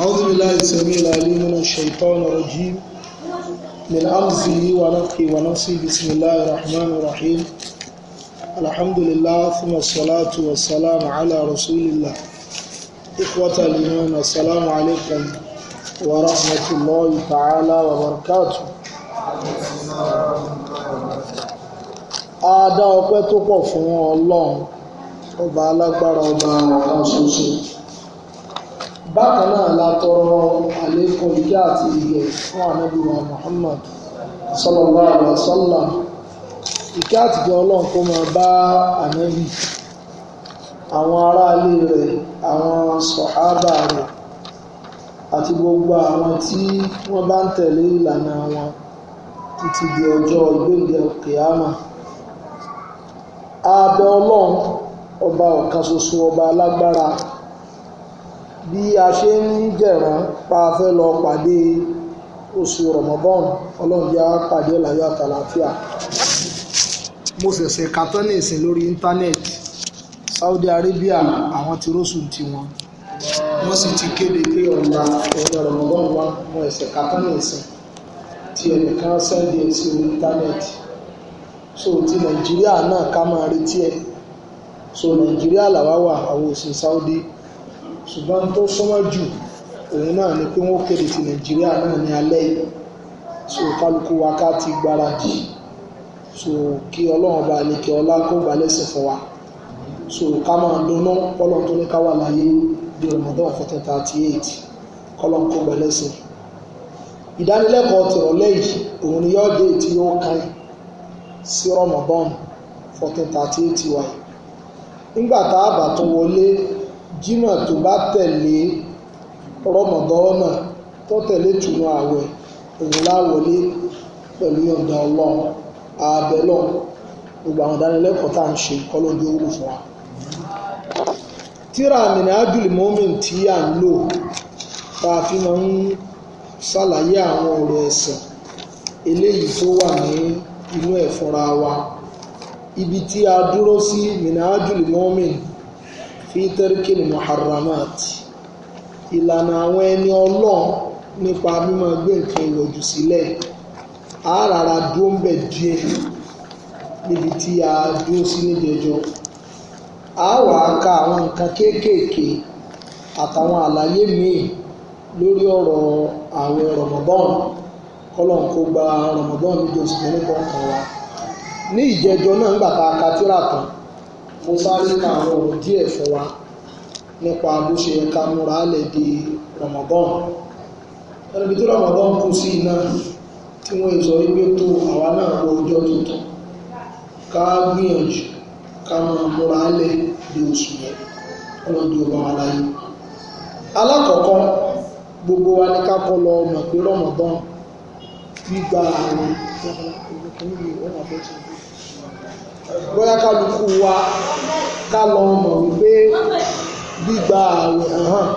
أعوذ بالله السميع العليم من الشيطان الرجيم من أمزه ونقي ونصي بسم الله الرحمن الرحيم الحمد لله ثم الصلاة والسلام على رسول الله إخوة الإيمان السلام عليكم ورحمة الله تعالى وبركاته آداء ọpẹ́ tó الله fún Ọlọ́run ọba bákan náà la tọrọ àlékún ìkẹ́ àti ìgẹ̀ fún ànábì wa Muhammad sallallahu alaihi wasallam ìkẹ́ àtijọ́ ọlọ́run kó máa bá ànábì àwọn aráalé rẹ̀ àwọn sọ̀hábà rẹ̀ àti gbogbo àwọn tí wọ́n bá ń tẹ̀lé ìlànà wọn di ọjọ́ ìgbéǹde kìámà ọba ọ̀kan ọba alágbára bí a ṣe ń jẹ̀rán pa fẹ́ lọ pàdé oṣù rọ̀mọ́bọ́n ọlọ́njẹ́ pàdé láyọ̀ àtàlàáfíà mo ṣẹ̀ṣẹ̀ kàtọ́ ní ìsìn lórí íńtánẹ́ẹ̀tì Saudi Arabia àwọn ti róṣù tiwọn wọ́n sì ti kéde pé ọ̀la ẹ̀yìn rọ̀mọ́bọ́n wa mo ẹ̀ṣẹ̀ kàtọ́ ní ìsìn tí ẹnìkan sẹ́ndì ẹ̀ sí orí íńtánẹ́ẹ̀tì so ti Nàìjíríà náà ká máa retí ẹ̀ so Nàìjíríà làwa wà àwọn òsì Saudi Arabia ṣùgbọ́n tó súnmọ́ jù òun náà ni pé wọ́n kéde ti nàìjíríà náà ní alẹ́ yìí so kálukú wa ká ti gbáradì so kí ọlọ́run bá lè kí ọlá kó gbà lẹ́sìn fún wa so ká máa lóná kọ́lọ́n tó ní ká wà láyé di Ramadan fourteen thirty eight kọ́lọ́n kó gbà lẹ́sìn. ìdánilẹ́kọ̀ọ́ tìrọ̀lẹ́ yìí òun ni yóò dé tí yóò kàn sí Ramadan fourteen thirty eight wa, nígbà tá a bá tún wọlé jimá tó bá tẹ̀lé rọmọdọ́nà tó tẹ̀lé túnú àwẹ̀ òun láwọlé pẹ̀lú yọ̀ǹda ọlọ́run àbẹ̀lọ́ gbogbo àwọn ìdánilẹ́kọ̀ọ́ tá à ń ṣe kọ́ ló dé owó fún wa. tíra àmìnà ájúlì mọ́mìn tí à ń lò tá a fi máa ń ṣàlàyé àwọn ọ̀rọ̀ ẹ̀sìn eléyìí tó wà ní inú ẹ̀ wa ibi tí a dúró sí mìnà ájúlì mọ́mìn fi tẹ́ríkìlì muharramat ìlànà àwọn ẹni ọlọ́ nípa mímọ gbé nǹkan ìwọ̀jù sílẹ̀ a rárá dúró ń bẹ̀ díẹ̀ níbi tí a dúró sí níjẹjọ a wà á ka àwọn nǹkan kéékèèké àtàwọn àlàyé míì lórí ọ̀rọ̀ kó gba níjọ́sìn nípa wa ní ìjẹjọ náà ń gbà a ka mo sáré ka àwọn ọ̀rọ̀ díẹ̀ fún wa nípa bó ṣe yẹ ká múra lẹ́dí Ramadan ẹni bí Ramadan kù sí iná tí wọ́n sọ wípé tó àwa náà kó ọjọ́ tuntun ká gbìyànjú ká máa múra lẹ̀ bí oṣù yẹn ọlọ́dún ọba wa alákọ̀ọ́kọ́ gbogbo wa ní ká kọ́ lọ mọ̀ pé Ramadan gbígba àwọn bóyá kálukú wa ká lọ mọ̀ wípé gbígba ààwẹ̀ hàn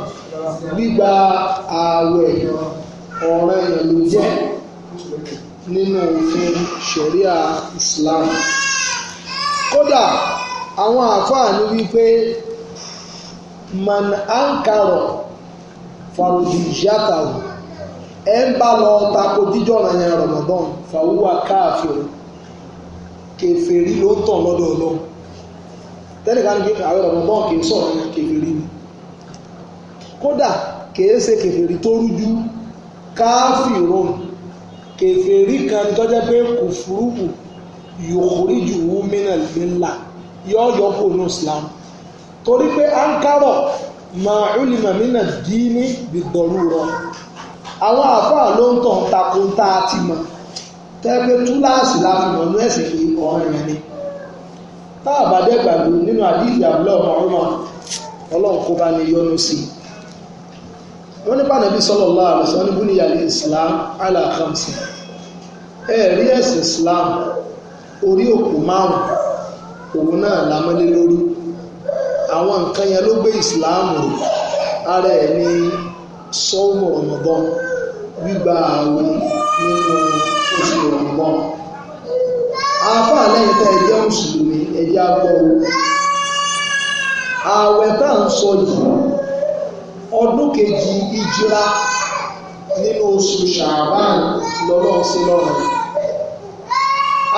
gbígba ààwẹ̀ ọ̀ràn èèyàn ló jẹ́ nínú òfin ṣẹ̀ríà Islam kódà àwọn àfáà ní wípé man ankaro farodijatahu ẹ ń bá lọ tako jíjọ́ ọ̀ràn yẹn Ramadan fàwúwà káàfin kèfèrí ló tàn lọ́dọ̀ ọlọ́run tẹ́nìkan ní àwọn ọ̀rọ̀ bọ́ọ̀ kì í sọ̀rọ̀ ní kèfèrí ni kódà kìí ṣe kèfèrí tó rújú káfíròn kèfèrí kan tó jẹ́ pé kò furufú yòkúrí jù wú mínà lílà yọ yọ kó ní Islam torí pé ankaro màálùmá mínà dínì bìgbọ̀rù rọ àwọn àfáà ló ń tàn takuntà ti tẹ́gbẹ́ túláàsì láti n'ọnụ ní ẹ̀sìn pé ọ̀rìn ni tá a nínú àdìsí àbúlẹ̀ ọmọ ọlọ́run kó bá ní yọnu sí i wọ́n ní pàdánù ní yàrá islam ala ẹ̀sìn islam orí òkú márùn òun náà lámọ́lé lórí àwọn nǹkan yẹn islam rò ara ẹ̀ ní gbígba àwọn nínú oṣù ọ̀gbọ́n afá lẹ́yìn tẹ́ ẹjẹ́ mùsùlùmí ẹjẹ́ agbọ́wọ́ ààwẹ̀ tá à ń sọ yìí ọdún kejì ìjìra nínú oṣù ṣàbán lọ́rọ̀ sí lọ́rọ̀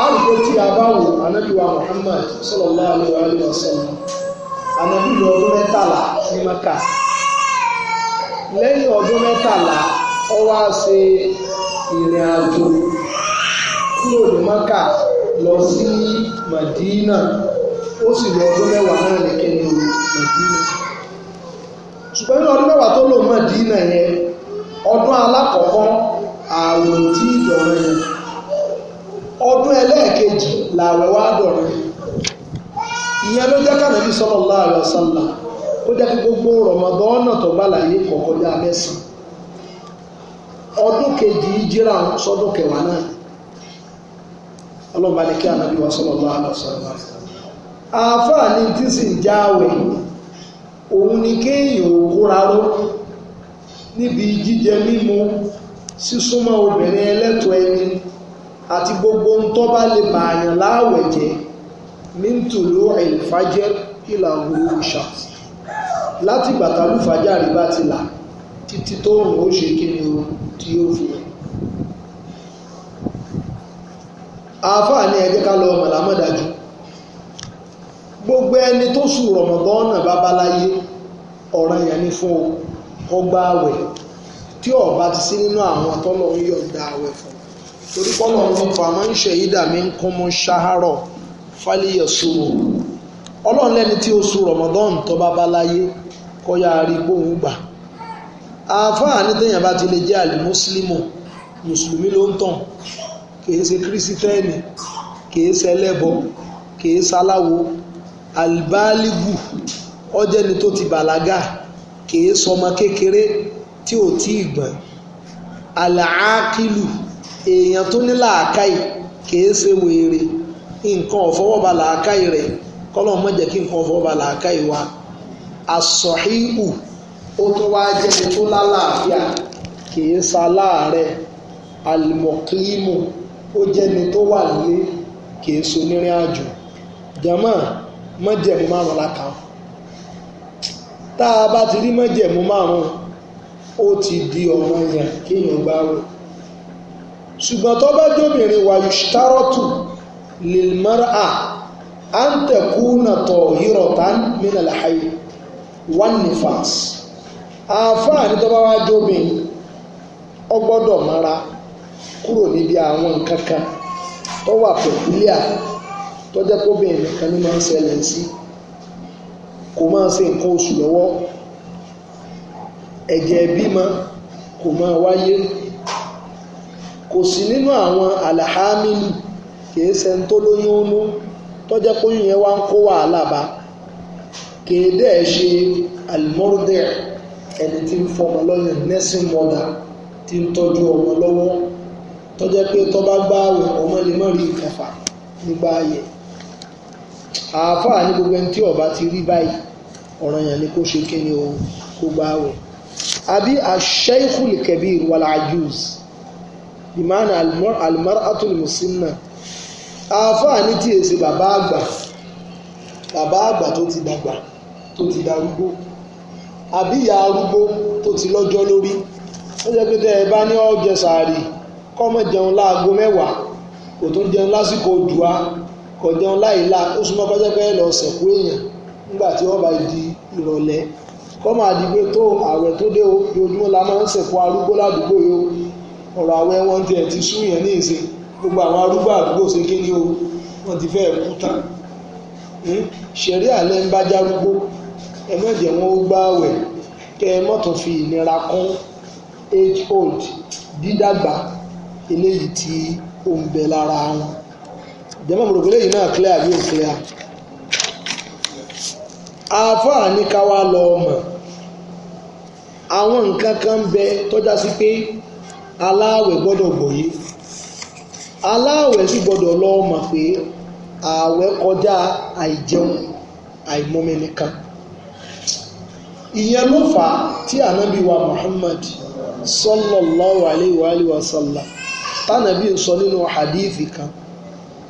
àrùkọ tí a bá wò anábìwá Muhammad sallallahu alaihi wa sallam anábìwá ọdún mẹ́tàlá ní Maka lẹ́yìn ọdún mẹ́tàlá ó wá ṣe ìrìn àjò kúrò ní maka lọ sí madina ó sì lọ ọdún mẹ́wàá náà ní kẹ́ni o madina ṣùgbọ́n nínú ọdún mẹ́wàá tó lò madina yẹn ọdún alákọ̀ọ́kọ́ ààrùn tí ìdọ̀rẹ́ yẹn ọdún ẹlẹ́ẹ̀kejì làwẹ̀ wá dọ̀rẹ́ ìyẹn ló jẹ́ kánàbí sallallahu alaihi wasallam ó jẹ́ kí gbogbo rọ̀mọdọ́ ọ̀nà tó bá láyé kọ̀ọ̀kan yá mẹ́sàn ọdún kejì ìjírà sọdún kẹwàá náà ọlọ́ba ní kí ànábì wa sọ̀rọ̀ bá àlọ́ sọ̀rọ̀ àáfàá ni tí sì jáwèé òun ni kéèyàn òkúraró níbi jíjẹ mímu sísúnmọ́ obìnrin ẹlẹ́tọ̀ ẹni àti gbogbo ń lè bàyàn láàwẹ̀ jẹ́ míntùlú ẹ̀lfàjẹ́ ìlà òru ìṣà láti gbàtàlúfàjà rí bá ti là títí tó rùn ó ṣe kí ni o tí yóò fi hàn. àáfàá ní ẹgbẹ́ ká lọ mọ̀lámọ́dájú gbogbo ẹni tó sùn rọ̀mọ̀dọ́nà babaláyé ọ̀ràn yẹn ni fún o ọgbà àwẹ̀ tí ọba ti sí nínú àwọn tọ́lọ̀ ń yọ̀ǹda àwẹ̀ fún torí pọ́lọ̀ ń lọ fà máa ń ṣe ìdá mi ń kún mú ṣáhárọ̀ fálíyẹ̀ sùnwò ọlọ́run lẹ́ni tí oṣù rọ̀mọ̀dọ́nà tó babaláyé kọ́ yáa rí gbóhùn gbà àáfàá ní téèyàn bá ti lè jẹ́ àlè mùsùlùmù mùsùlùmí ló ń tàn kìí ṣe kírísítẹ́nì kìí ṣe ẹlẹ́bọ kìí ṣaláwo àlìbáálígù ọjẹ́ni tó ti bàlágà kìí sọmọ kékeré tí ò tí ì gbọ̀n àlàákìlù èèyàn tó ní làákàyè kìí ṣe wèrè nǹkan ọ̀fọwọ́ba làákàyè rẹ̀ kọ́lọ́ọ̀ mọ̀jẹ̀ kí nǹkan ọ̀fọwọ́ba làákàyè wa àsọ̀híhù ó tún wá jẹ́ni tó lálàáfíà kìí sa láàárẹ̀ alimọ̀kímù ó jẹ́ni tó wà lé kìí so nírìn àjò jàmọ́ mọ́jẹ̀mú márùn la kàn tá a bá ti rí mọ́jẹ̀mú márùn ó ti di ọ̀ràn yẹn kéèyàn gbá rò ṣùgbọ́n tó bá jóbìnrin wàyù ṣtárọ́tù lèmọ́ra à ń tẹ̀kú nàtọ̀ hírọ̀tà mìnàlá hayy wan nifas. afọ ní tọ́ba wá jóbin ọ gbọ́dọ̀ mara kúrò níbi àwọn nǹkan kan tó wà nìkan ní máa ń ṣẹlẹ̀ sí kò máa ṣe nǹkan oṣù lọ́wọ́ ẹ̀jẹ̀ bímọ kò máa wáyé kò sí nínú àwọn àlàhámìlì kìí ṣe ń tó lóyún ọ́nú ẹni tí ń fọmọ lọ́yàn nursing mother tí ń tọ́jú ọmọ lọ́wọ́ tọ́jẹ́ pé tó bá gbá àwẹ̀ ọmọ lè má rí ìkàfà nígbà ayẹ̀ àáfàá ní gbogbo ẹni tí ọba ti rí báyìí ọ̀ràn yẹn ni kó ṣe kí ni o kó gbá àwẹ̀ àbí ash-shaykhul kabir wal ajuz ìmáàna al-mar'atul musinna àáfàá ní tí èsì bàbá àgbà bàbá àgbà tó ti dàgbà tó ti darúgbó àbí ìyá arúgbó tó ti lọ́jọ́ lórí ó jẹ́ pé tẹ́ ẹ bá ní ọ̀jẹ̀ sàárì kọ́mọ jẹun láago mẹ́wàá kò tún jẹun lásìkò dùá kò jẹun láìla ó súnmọ́ kọjá pé lọ sẹ̀kú èèyàn nígbà tí wọ́n bá di ìrọ̀lẹ́ kọ́mọ àdìgbé tó ààrẹ tó dé o ojoojúmọ́ la máa ń sẹ̀kú arúgbó ládùúgbò yìí o ọ̀rọ̀ àwẹ̀ wọn tiẹ̀ ti sú yẹn ní ìsìn gbogbo àwọn arúgbó àdúgbò ṣe kéde o wọ́n ti fẹ́ẹ̀ kú tán hmm? ṣẹ̀rí àlẹ́ ń bá járúgbó ẹ má jẹ́ wọn ó gbààwẹ̀ kẹ́ ẹ má fi ìnira kún age old dídàgbà eléyìí tí ó ń bẹ lára wọn jẹ́mọ̀ mọ̀rọ̀gbọ́ lẹ́yìn náà clear bí ó clear àáfàá ní ká wá lọ mọ̀ àwọn nǹkan kan bẹ tọ́já sí pé aláàwẹ̀ gbọ́dọ̀ gbòye aláàwẹ̀ sì gbọ́dọ̀ lọ mọ̀ pé ààwẹ̀ kọjá àìjẹun àìmọ́mẹ́nìkan ìyẹn ló fà á tí ànábì wa Muhammad sallallahu alayhi wa alayhi wa sallam tánàbí sọ nínú hadithi kan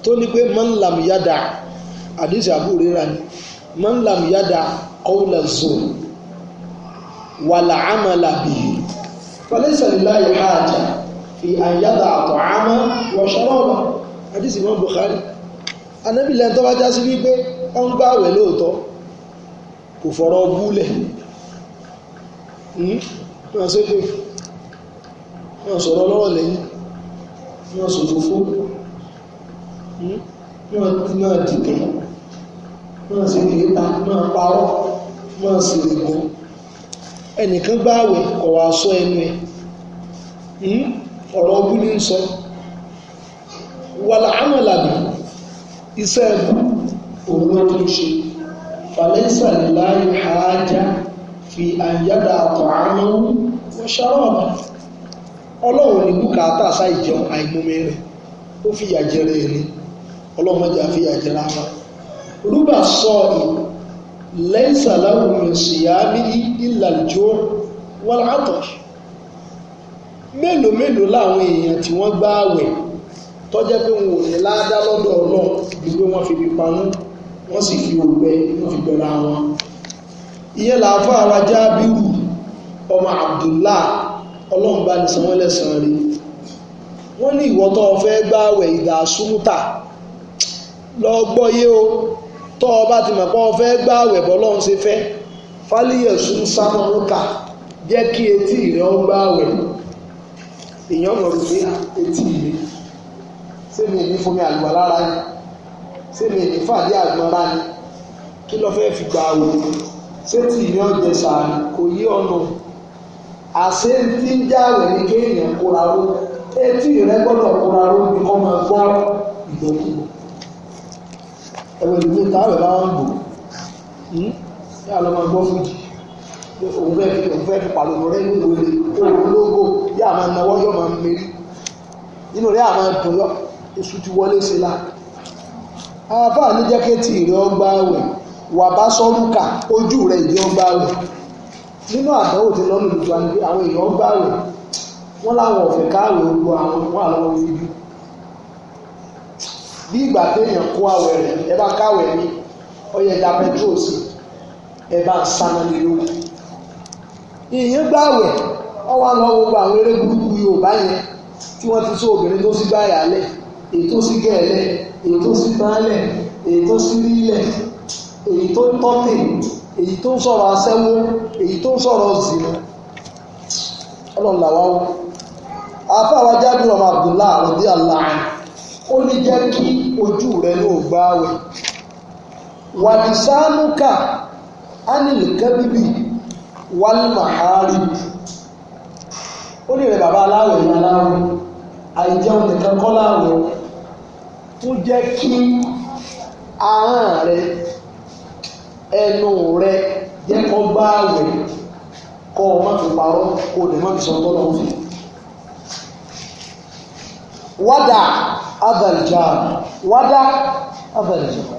tó ní pé man lam yada hadithi Abu Huraira ni man lam yada qawla zur wàlà amala bihi falaysa lillahi haja fi an yada ta'ama wa sharaba hadithi Imam Bukhari ànábì lẹ́yìn tó bá já sí wípé ó ń gbààwẹ̀ lóòótọ́ kò fọ̀rọ̀ búlẹ̀ ní hmm? ní ọ̀sọ̀rọ̀ ọlọ́rọ̀ lẹ́yìn ní ọ̀sọ̀rọ̀ fó ní hmm? ọ̀nà dìde sì lè ta náà parọ́ náà sì lè ẹnìkan gbáwẹ̀ sọ ẹnu ẹ̀ hmm? ọ̀rọ̀ ní sọ iṣẹ́ òun fi àyàdà àtọ̀hánáwó wọ́n ṣàrọ̀ọ̀bà ọlọ́run ní bùkátà sáì jẹun àìmọ́mí rẹ̀ ó fi yàjẹrẹ rẹ̀ ọlọ́run mọ́jà fi yàjẹrẹ ara rúbà sọ lẹ́sà láwùrọ̀ síyáàbí ìlàjò wọ́n látọ̀ mélòó mélòó láwọn èèyàn tí wọ́n gbá àwẹ̀ tọ́jẹ́ pé wọn ò ní ládá lọ́dọ̀ ọlọ́run ìgbé wọn fi fi panú wọ́n sì fi ògbẹ wọ́n fi gbẹ̀rẹ̀ àwọn ìyẹn làáfà ara jábìrù ọmọ abdullah ọlọ́run bá ní sanwó lẹ́sàn-án rí wọ́n ní ìwọ tó fẹ́ gbààwẹ̀ ìdá súnmùtà lọ gbọ́yé o tó o bá ti mọ̀ pé o fẹ́ gbààwẹ̀ bọ́lọ́run ṣe fẹ́ fálíyẹ̀ sún sámọ́rúkà jẹ́ kí etí rẹ̀ ó gbààwẹ̀ èèyàn mọ̀ rò pé etí mi ṣé mi ní fomi àlùwà lára ni ṣé mi ní fàdí àgbọ̀nra ni kí ló fẹ́ fi gbààwẹ̀ ṣé tí ìyẹn ọ̀jẹ̀ sàárì kò yí ọ̀nà àṣé tí ń já rẹ̀ ní kéèyàn kóra ló etí rẹ̀ gbọ́dọ̀ kóra ló ní kọ́ máa gbọ́ ìdókòwò ẹ̀wọ̀n ìlú táwọn bá ń bò yá lọ́ máa gbọ́ fújì òun fẹ́ fi òun fẹ́ fi pàlọ́ rẹ̀ ní ìwé òun lógo yá máa náwó yọ̀ máa mérí nínú rẹ̀ àwọn ẹ̀dùn yọ oṣù ti wọlé sí la àbá níjẹ́kẹ́tì rẹ̀ ọgbà ẹ̀wẹ̀ wà bá sọ́rùkà ojú rẹ̀ ìdí ọgbà rẹ̀ nínú àdánwò tí lọ́nà ìlú wa ni pé àwọn èèyàn gbà rẹ̀ wọ́n láwọn ọ̀fẹ́ káàwé gbogbo àwọn wọn àwọn ibi bí ìgbà téèyàn kó àwẹ̀ rẹ̀ ẹ bá káwẹ̀ ní ọyẹ ẹ̀dá petros ẹ bá sáná lé lóko ìyẹn gbà rẹ̀ ọwọ́ àlọ́ gbogbo àwọn eré burúkú Yorùbá yẹn tí wọ́n ti sọ obìnrin tó sí báyà lẹ̀ èyí tó sí gẹ̀ẹ́lẹ̀ èyí tó sí báálẹ̀ èyí tó sí lílẹ̀ èyí tó ń tọ́tì èyí tó ń sọ̀rọ̀ aṣẹ́wó èyí tó ń sọ̀rọ̀ zìnà ọlọ́run làwa wọ. àfa wa jáde ọmọ abdullah rọ̀bí àlá ó ní jẹ́ kí ojú rẹ̀ ló gbá wẹ̀. wàdìsánúkà ánìlẹ̀kẹ́bíbì wálmàhárì ó ní rẹ̀ bàbá aláwẹ̀ ní aláwẹ̀ àìjẹun nìkan kọ́ láwẹ̀ ó jẹ́ kí ahọ́n rẹ̀ ẹnu rẹ jẹ́ kọ́ kọọ àwẹ̀ kọ́ ọ fi parọ́ kó o lè má fi sọ tọ́lọ́ fi. wádà abàlìjà wádà abàlìjà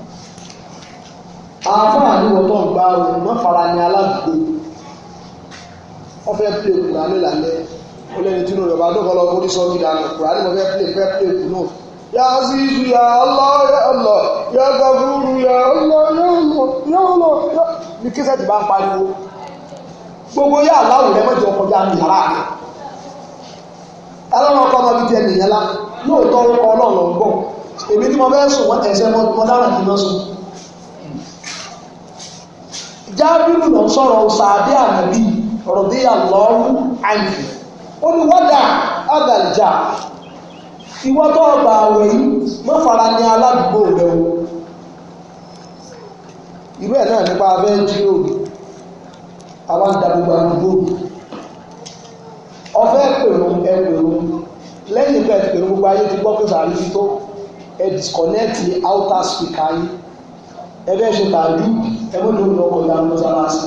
àáfàá àdúgbò tó ń gbá àwẹ̀ má fara ní aládùúgbò wọ́n fẹ́ pè ní fẹ́ fẹ́ ya azizu ya Allah ya Allah ya gafuru ya Allah ya Allah ya ya kí sẹ́ẹ̀tì bá ń pariwo gbogbo yá aláwọ̀ rẹ mọ́jọ kọjá yàrá rẹ ẹlọ́run ọkọ ọmọ bíi ẹni yẹn ọlọ́run ọgbọ́n èmi mo fẹ́ sùn wọ́n dára lọ sùn lọ sọ̀rọ̀ ọ̀rọ̀ bí àyè ìwọ́ tó ọgbà àwẹ̀ yìí mọ́ fara ní aládùúgbò rẹ̀ o irú ẹ̀ náà nípa abẹ́ jíò àwọn ìdàgbogbo àdúgbò ọfẹ́ pèrún ẹ pèrún lẹ́yìn ìgbà ẹ pèrún gbogbo ayé ti gbọ́ pé sàrí fi tó ẹ disconnect outer speaker yìí ẹ bẹ́ẹ̀ ṣe tàbí ẹ bó ló ń lọ kọjá mọ́sálásí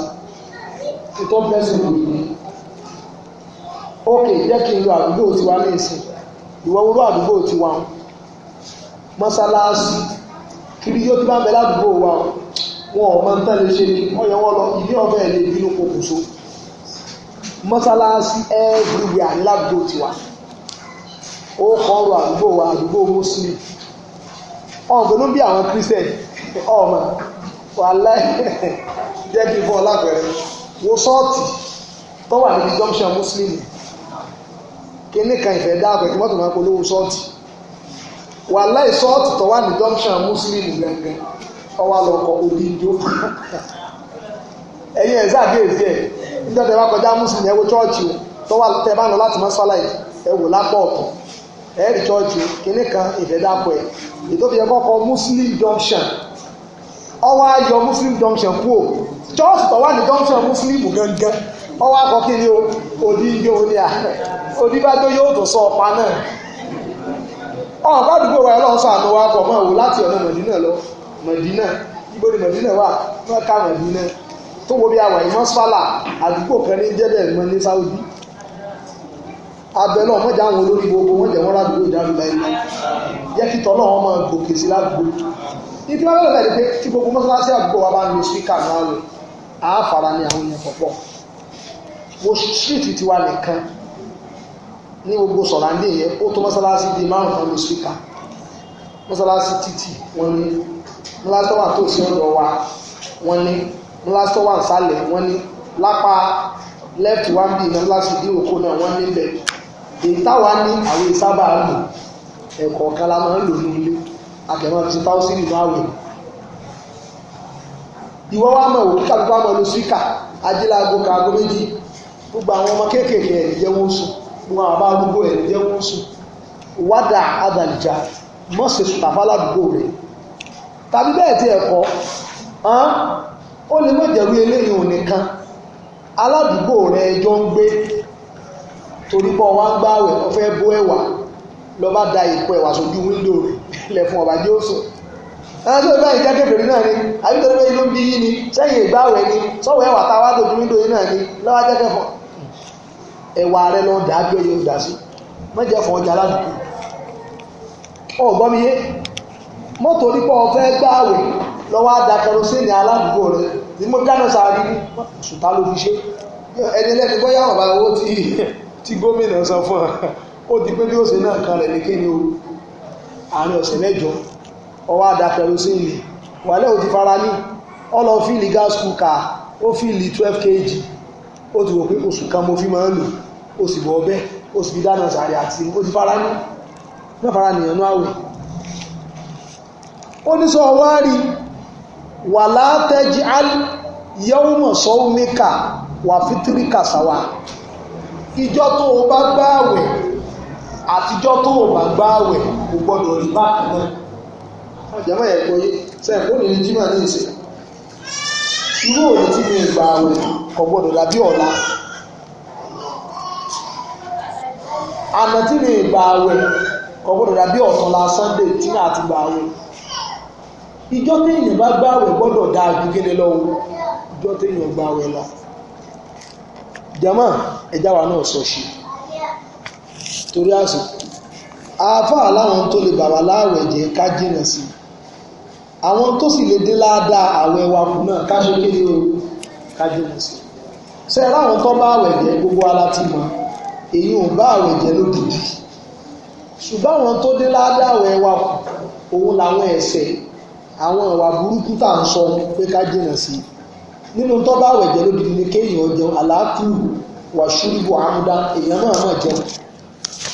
ìtọ́ bẹ́sẹ̀ lòdì ok jẹ́ kí n lo àdúgbò tiwa ní ìsìn ìwọ wúrú àdúgbò ti wà ń mọ́sálásí kiri yóò ti bá ń bẹ ládùúgbò wa wọn ò máa ń tẹ̀lé ṣe ni wọ́n yẹ wọ́n lọ ilé ọ̀fẹ́ lè bínú pokùnso mọ́sálásí everywhere ní ládùúgbò ti wà ó kọ́ ọ̀rọ̀ àdúgbò wa àdúgbò muslim ọ̀gbẹ́nu bí àwọn christian ọmọ wàhálà jẹ́ kí n fọ́ ọ lápẹ̀rẹ̀ wo sọ́ọ̀tì tó wà níbi junction muslim kíní kan ìfẹ́ dáàbò kí mọ́tò máa polówó sọ́ọ̀tì wàláì sọ́ọ̀tì tó wà ní junction muslim gangan ọwọ́ àlọ́kọ̀ òdìjọ́ ẹ̀yin ẹ̀ sáà dé èsì ẹ̀ níjọ́ tẹ bá kọjá muslim ẹ wo chọ́ọ̀chì o tó wà tẹ bá lọ láti mọ́sálàì ẹ wò lápá ọ̀tọ̀ ẹ rí chọ́ọ̀chì kíní kan ìfẹ́ ẹ̀ kọ́kọ́ muslim junction ọwọ́ ayọ̀ muslim junction kú o chọ́ọ̀tì tó wà ní muslim gangan ọwọ́ akọkí ni òdí yóò ní à òdí bá tó yóò tó sọ ọ̀pá náà ọ̀n bá dùgbò wa ọlọ́run sàánú wa pọ̀ mọ́ òun láti ọ̀nà mọ̀dínà lọ mọ̀dínà ibo ni mọ̀dínà wà wọ́n ká mọ̀dínà tó wo bí àwọn ìmọ̀sálà àdúgbò kan ní jẹ́bẹ̀ mọ́ ní Saudi abẹ náà mọ̀jà àwọn olórí gbogbo wọ́n jẹ́ wọ́n ládùúgbò ìdáhùn láyé náà jẹ́ kí tọ́ náà wọ́n máa gòkè sí ládùúgbò ibi wọn lọ́dọ̀ bẹ̀rẹ̀ pé tí gbogbo mọ́sálásí àdúgbò wa bá ń lo spíkà náà lò àáfàrà ni àwọn èèyàn pọ̀pọ̀ wo street tiwa nìkan ní gbogbo sọ̀ràndé yẹn ó tó mọ́sálásí di márùn kan ló síkà mọ́sálásí títì wọ́n ní mọ́sálásí tó tó sí ọ̀dọ̀ wa wọ́n ní mọ́sálásí tó nsàlẹ̀ wọ́n ní lápá left one b náà mọ́sálásí bí òkú náà wọ́n ní bẹ̀ èyí táwa ní àwọn ìsábà lò ẹ̀kọ́ kan la máa ń lò ní ilé àtẹ̀wọ́n ti táwọn sí ìlú àwẹ̀ ìwọ́ wa mọ̀ òkú kàdúgbò àmọ́ ló síkà ajílẹ̀ aago kan aago gbogbo àwọn ọmọ kéékèèké ẹ̀ nìyẹn wọ́n sùn gbogbo àwọn abárúgbó ẹ̀ nìyẹn wọ́n sùn wádà adàlìjà mọ́sẹ̀ sùtàfà ládùúgbò rẹ̀ tàbí bẹ́ẹ̀ tí ẹ̀kọ́ ó lè má jẹ̀rú eléyìí ò nìkan aládùúgbò rẹ̀ ẹjọ́ ń gbé torí pọ̀ wá ń gbáwẹ̀ ó fẹ́ bó ẹ̀wà lọ bá da ìpọ̀ ẹ̀wà sójú wíńdò rẹ̀ lẹ̀ fún ọba jẹ́ òsùn ẹ̀rọ tó bá ìjà kẹfìrí náà ni àbí tó bá ìlú ń bí yí ni sẹ́yìn ìgbáwẹ̀ ni sọ́wọ́ ẹ̀wà táwa dojú wíńdò yìí náà ni lọ́wọ́ jẹ́ kẹfọ́ ẹwà rẹ lọ dà á bí dà sí mẹjẹ fọ ọjà aládùúgbò ọgbọ́n mi yé mọ́tò onípọ̀ ọ̀fẹ́ gbáàwẹ̀ lọ́wọ́ àdá kẹrosínì aládùúgbò rẹ ní mo dáná sáré ní ṣùtá ló fi ṣe ẹni lẹ́ni bóyá owó gómìnà fún ọ ó pé bí ó ṣe náà ní kéde o àárín ọ̀sẹ̀ mẹ́jọ ọwọ́ wàlẹ́ ó twelve kg ó ti wò pé oṣù kan mo fi máa ń lò ó sì bọ̀ ọbẹ̀ ó sì fi dáná sàárẹ̀ àti ó ti fara ní náà fara nìyàn náà wẹ̀ ó ní sọ wá rí wà látẹ́jì yẹ́wùmọ̀ sọ́wọ́míkà wà fítíríkà sàwà ìjọ tó o bá gbáàwẹ̀ àtijọ́ tó o bá gbáàwẹ̀ kò gbọ́dọ̀ rí bákan náà ọjọ́ mọ̀ ẹ̀kọ́ yìí sẹ́yìn kó nìyí jimá ní ìsìn irú òní tí mi gbà àwẹ̀ kò gbọdọ̀ dàbí ọ̀la àná tí mi gbà àwẹ̀ kò gbọdọ̀ dàbí la sunday tí náà ti gba àwẹ̀ ìjọ téèyàn bá gba àwẹ̀ gbọdọ̀ dáa ju kéde lọ́wọ́ ìjọ téèyàn gba sọ torí àsìkò àáfàá tó lè àwọn tó sì lè dín ládàá àwẹ̀ wa kù náà káṣe kéde o kájú mi sí ṣe é láwọn tó bá àwẹ̀ jẹ́ gbogbo ara ti mọ̀ èyí ò bá àwẹ̀ jẹ́ lódìdí ṣùgbọ́n àwọn tó dín ládàá àwẹ̀ wa kù òun làwọn ẹ̀ṣẹ̀ àwọn ìwà burúkú tá à ń sọ pé ká jìnà sí nínú tó bá àwẹ̀ jẹ́ lódìdí ni kéèyàn jẹun àlàáfíù wàṣúrìbù àmúdá èèyàn máa máa jẹun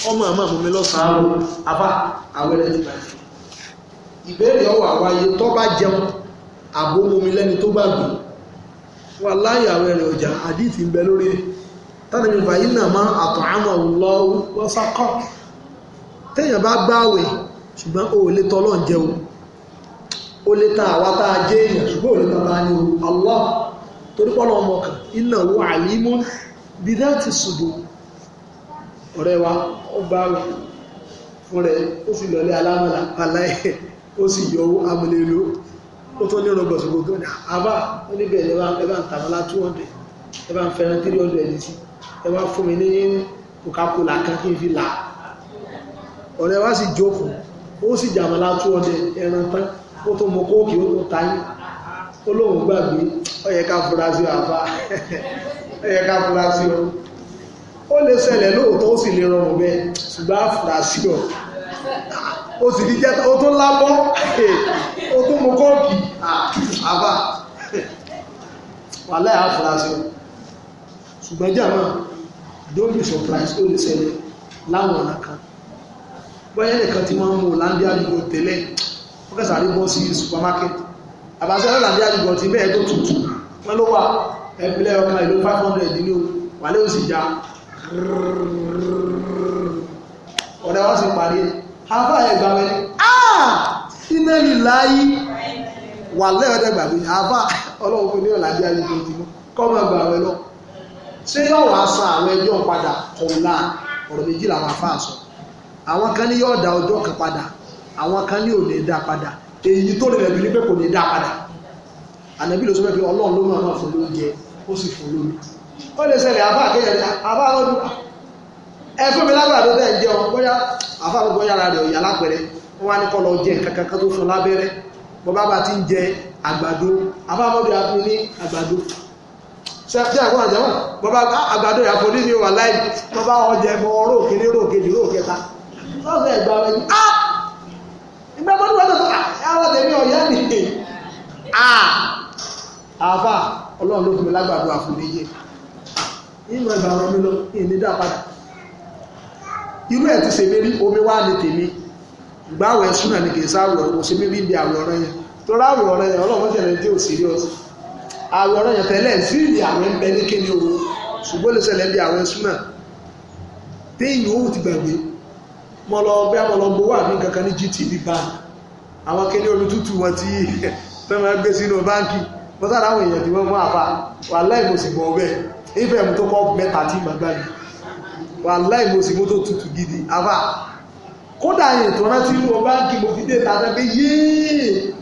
ọmọ àmọ́ àmọ́ mi lọ́sàn-án àbá àwẹ̀rẹ̀ ti bàjẹ́ ìbéèrè ọwọ́ àwáyé tó bá jẹun àbómomi lẹ́ni tó gbàgbé wà láyé àwọn ẹ̀rẹ̀ ọjà àdìtì ń bẹ lórí rẹ̀ tánà mi fàyí náà máa àtọ̀ àmọ̀ lọ wọ́sákọ̀ téèyàn bá gbáwẹ̀ ṣùgbọ́n o lè tọ́lọ̀ ń jẹun o lè ta àwa tá a jẹ́ èèyàn ṣùgbọ́n o lè ta ta ni o Allah torí pọ́lọ́ ọmọ iná wo àlímú bí láti ṣùgbọ́n ọ̀rẹ́ wa ó gbáwẹ̀ fún rẹ̀ ó sì lọlé alámọ̀lá aláì ó sì yọ owó amúlélò ó tó ní ọ̀rọ̀ gbọ̀sùgbò gọ́nà àbá ó níbẹ̀ ẹ bá ń tàbí lá two hundred ẹ bá ń fẹ́ràn three hundred sí ẹ wá fún mi ní kòkàkòlà kan kí n fi là ọ̀rẹ́ wá sì jókòó ó sì jàmọ̀ lá two hundred ẹran tán ó tó mọ kóòkì ó tó ta yín ó lóun gbàgbé ó yẹ àbá ó yẹ ká ó lè ṣẹlẹ̀ lóòótọ́ ó sì lè rọrùn bẹ́ẹ̀ ṣùgbọ́n àfúrásì ọ̀ o sì rí jẹta o tún lábọ́ o tún mú kọ́ọ̀kì àbá wà láyà àfúrásì o ṣùgbọ́n jàmọ́ don't be surprised ó lè ṣẹlẹ̀ láwọn ọ̀nà kan bóyá ẹnìkan tí wọ́n ń mú Hollandia dùgbò tẹ́lẹ̀ wọ́n kẹsàn-án rí bọ́ sí supermarket àbáṣẹ́ Hollandia dùgbò ti bẹ́ẹ̀ tó tutù wọ́n ló wà ẹgbẹ́ ọkàn ìlú five hundred ní o wà lé òsì já ọ̀rẹ́ wọn sì parí ẹ̀ àfà ẹ̀ gbà wẹ́lẹ́ áà ah! iná líláyé wà lẹ́ọ̀dẹ́ gbàgbé àfà ọlọ́run fún ní ọ̀làdí ayé tó ti mú kọ́mọ gbà wẹ́lọ́ ṣé yóò wá san àwọn ẹjọ́ padà kọ̀ọ̀la ọ̀rọ̀ méjì làwọn àfà sọ àwọn kan ní yóò dá ọjọ́ kan padà àwọn kan ní ò ní dá padà èyí tó lè rẹ̀bi ní pé kò ní dá padà ànàbí ló sọ pé ọlọ́run ló máa fún lóúnjẹ ó sì fún lómi ó lè ṣẹlẹ̀ àbá àkẹyẹ àbá ọdún ẹ fún mi lágbàdo tẹ́ ń jẹun bóyá àfáàmù bóyá ara rẹ̀ ọ̀yà lápẹ̀rẹ̀ wọ́n wá ní kọ́ lọ jẹ nǹkan kankan tó fún lábẹ́rẹ́ bọ́ bá bá ti ń jẹ àgbàdo àfáàmọ́dé àfún ní àgbàdo ṣẹ́fẹ́ àwọn àjẹ́wọ̀n bọ́ bá àgbàdo ìyàfọ́ ní ìwà láì bọ́ bá wọn jẹ mọ́ ọ̀rọ̀ òkèlè rò kejì rò kẹta lọ́sẹ̀ ah! ìgbà rẹ̀ yìí á ìgbà bọ́ ní wọ́n tó àwọn tẹ̀mí ọ̀yá nìyẹn á àfà ọlọ́run ló fún mi dá irú ẹ̀ ti ṣe mérí omi wá ní tèmi gbáwẹ̀ súnà ní kìí sáwẹ̀ ọ̀rọ̀ ṣe mérí bí àwẹ̀ yẹn tó ráwẹ̀ yẹn ọlọ́run tẹ̀lé tí ò serious àwẹ̀ ọ̀rọ̀ yẹn tẹ́lẹ̀ sí ìlì àwẹ̀ ń bẹ ní kéde o ṣùgbọ́n lè ṣẹlẹ̀ bí àwẹ̀ súnà téèyàn ó ti gbàgbé mo lọ bẹ́ mo lọ gbowó àmì kankan ní GTB bank àwọn kéde omi tútù wọn ti fẹ́ máa gbé sínú báńkì mo sára àwọn èèyàn tí wọ́n mú àfa wà láì mo sì gbọ́ bẹ́ẹ̀ ìfẹ́ mi tó kọ́ mẹ́ta tí màá gbàgbé wàláì mo sì mú tó tutù gidi àbá kódà yẹn tó rántí inú ọba kí mo fi dé ta tẹ́ pé yéé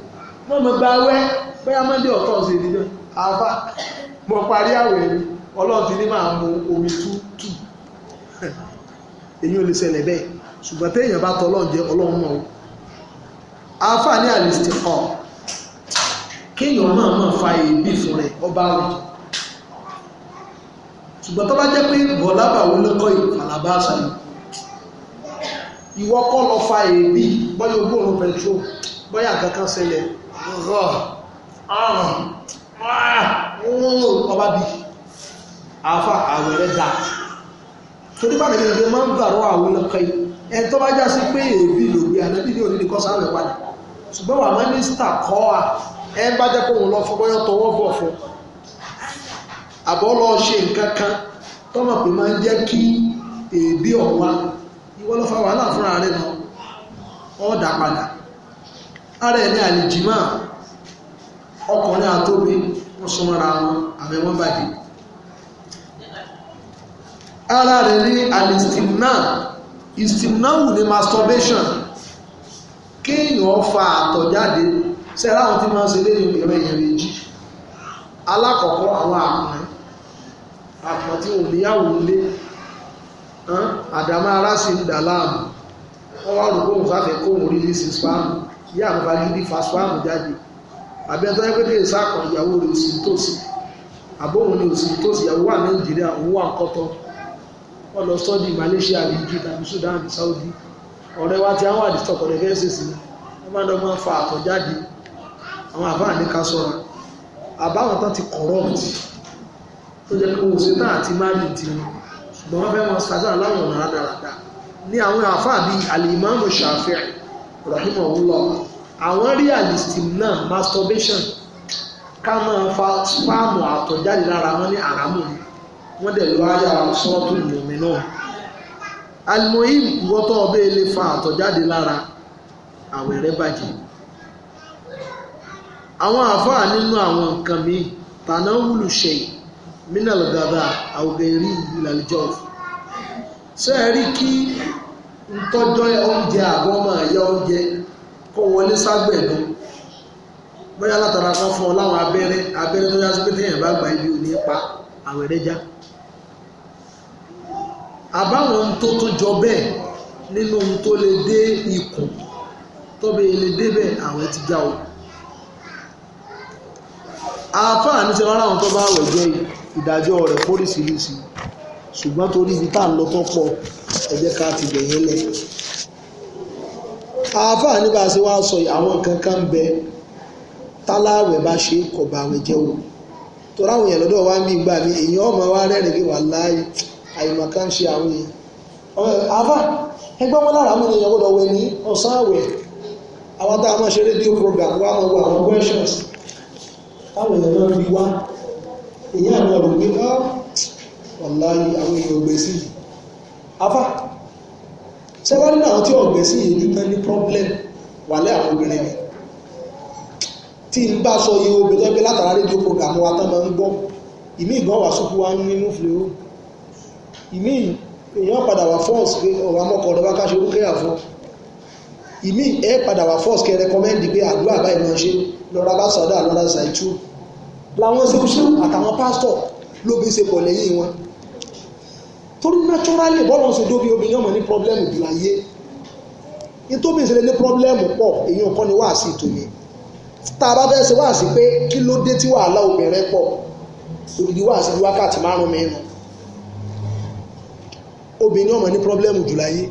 wọ́n mọ gba awẹ́ bẹ́ẹ̀ amẹ́ndé ọ̀tọ̀ ṣe níjọ́ àbá mo parí àwẹ̀ mi ọlọ́run ti ní máa mu omi tútù èyí ò lè ṣẹlẹ̀ bẹ́ẹ̀ ṣùgbọ́n téèyàn bá tọ́ ọlọ́run jẹ ọlọ́run mọ̀ àáfàá ní àlè kéèyàn máa máa fa èébì fún rẹ ọba àwùjọ ṣùgbọ́n tó bá jẹ́ pé bọ̀lábà wo ló kọ́ ìfàlàbà àṣà yìí ìwọ kọ́ lọ fa èébì bọ́yá ogún òun pẹ̀tró bọ́yá kankan ṣẹlẹ̀ rọ̀ àrùn ọba bí àáfà àwẹ̀ rẹ̀ dà torí bá nàìjíríà ló máa ń gbàrọ̀ àwọn olùkọ́ yìí ẹ̀ tó bá já sí pé èébì ló gbé àná bíbí òní nìkan sáwẹ̀ padà ṣùgbọ́n wà mínísítà kọ́ à ẹ̀ bá jẹ́ pé òun lọ fọ́ bọ́yá tọwọ́ bọ̀ fún un àbọ̀ lọ nkaka nǹkan kan máa ń jẹ́ kí èébì ọ̀wá ìwọ wàhálà fúnra rẹ̀ náà ọ̀dà padà ara ẹ̀ ní àlìjìmá wọn àmì wọ́n bàjẹ́ ara rẹ̀ ní àlìstimná ní masturbation kéèyàn àpọ̀ tí òun níyàwó lé àdámọ́ ara sì ń dà láàmú wọ́n wá rò pé òun sáfẹ́ kó òun rílí sí spam yá àmì fagídí fa spam jáde àbẹ́ntọ́ ẹgbẹ́ dé sáàkọ̀ ìyàwó rẹ̀ òsì tòsí àbóhun ni òsì tòsí ìyàwó wà nàìjíríà òun wà kọ́tọ́ wọ́n lọ sọ́dí Malaysia àbí Egypt àbí Sudan àbí Saudi ọ̀rẹ́ wa ti àwọn àdìsọ́kọ̀ rẹ̀ fẹ́ẹ́ sèṣì wọ́n máa dọ́ máa fa àtọ̀ jáde àwọn àbáà ní ká àbáwọn tán ti corrupt tó jẹ́ pé òṣèlú náà ti má rí ti wọn ṣùgbọ́n wọ́n fẹ́ wọn ṣàdúrà láwọn ọ̀nà rádaràda ní àwọn àfáà bíi alimami shafi'i rahimahullah àwọn rí alistim náà masturbation ká máa fa spáàmù àtọ̀jáde lára wọn ní àràmù ni wọ́n dẹ̀ lọ ayé àwọn sọ́ọ̀tù ìmọ̀mí náà alimoyim wọ́tọ̀ ọbẹ̀ lè fa àtọ̀jáde lára àwẹ̀ rẹ̀ bàjẹ́ àwọn àfáà nínú àwọn nǹkan míì tànà wúlù ṣẹ̀yìn minal gada àwògẹ̀rí ìlàlìjọ́f ṣé ẹ rí kí ntọ́jọ́ oúnjẹ àbọ̀ máa yá oúnjẹ kó wọlé ságbẹ̀dọ́ bóyá látara kan fún ọ láwọn abẹ́rẹ́ abẹ́rẹ́ tó yá sí pé téèyàn bá gba ibi òní pa àwẹ̀rẹ́já àbáwọn ohun tó tún jọ bẹ́ẹ̀ nínú ohun tó lè dé ikùn tọ́bẹ̀ lè débẹ̀ àwẹ̀ ti já o àáfàá ní sẹ́wọ́n láwọn tó bá wẹ̀ jẹ́ yìí. ìdájọ́ rẹ̀ póríṣiríṣi ṣùgbọ́n torí ibi tá à ń lọ tọ́pọ̀ ẹ ká ti lẹ̀. àáfàá ní bá a ṣe wá sọ àwọn nǹkan bẹ táláwẹ̀ bá ṣe kọ̀bà jẹ́ wò èèyàn lọ́dọ̀ wá ń bí wa rẹ́rìn wà kan ṣe àwọn èèyàn. àáfàá ẹgbẹ́ wọn lára mú ni èèyàn gbọ́dọ̀ wẹ̀ ní ọ̀sán àwẹ̀ àwọn ìyá mi ọ̀rọ̀ pé ọ́ ah, ọ̀láyé àwọn èèyàn ọgbẹ́ sí yìí afá ṣẹ́wárí náà tí ọ̀gbẹ́ sí yìí ní tán ní problem wàlẹ́ àwọn obìnrin mi tí n bá sọ iye obìnrin tó ń gbé látara rédíò program wa tán máa ń gbọ́ ìmí ìgbọ́n wà sókú wa nínú fìlè ó ìmí èèyàn padà wà fọ́ọ̀sì pé ọ̀rọ̀ amọ́kọ̀ọ́dọ́ bá káṣe orúkẹ́ àfọ́ ìmí ẹ̀ padà wà fọ́ọ̀sì kẹ́ rẹkọmẹ́ndì pé àdúrà báyìí máa ṣe lọ́ra bá sọ̀dá lọ́ra ṣàìtú làwọn ṣeúṣeú àtàwọn pásítọ̀ lóbi ṣe pọ̀ lẹ́yìn wọn torí naturally bọ́ọ̀lù ọ̀sẹ̀ dóbi obìnrin ọmọ ní pọ́blẹ́mù jù láyé nítorí ìṣẹ̀lẹ̀ ní pọ́blẹ́mù pọ̀ èyí nǹkan ni wàásì tòní tá a bá fẹ́ ṣe wàásì pé kí ló dé tí wàhálà obìnrin pọ̀ òdìdí wàásì ní wákàtí márùn mẹ́rin obìnrin ọmọ ní pọ́blẹ́mù jù láyé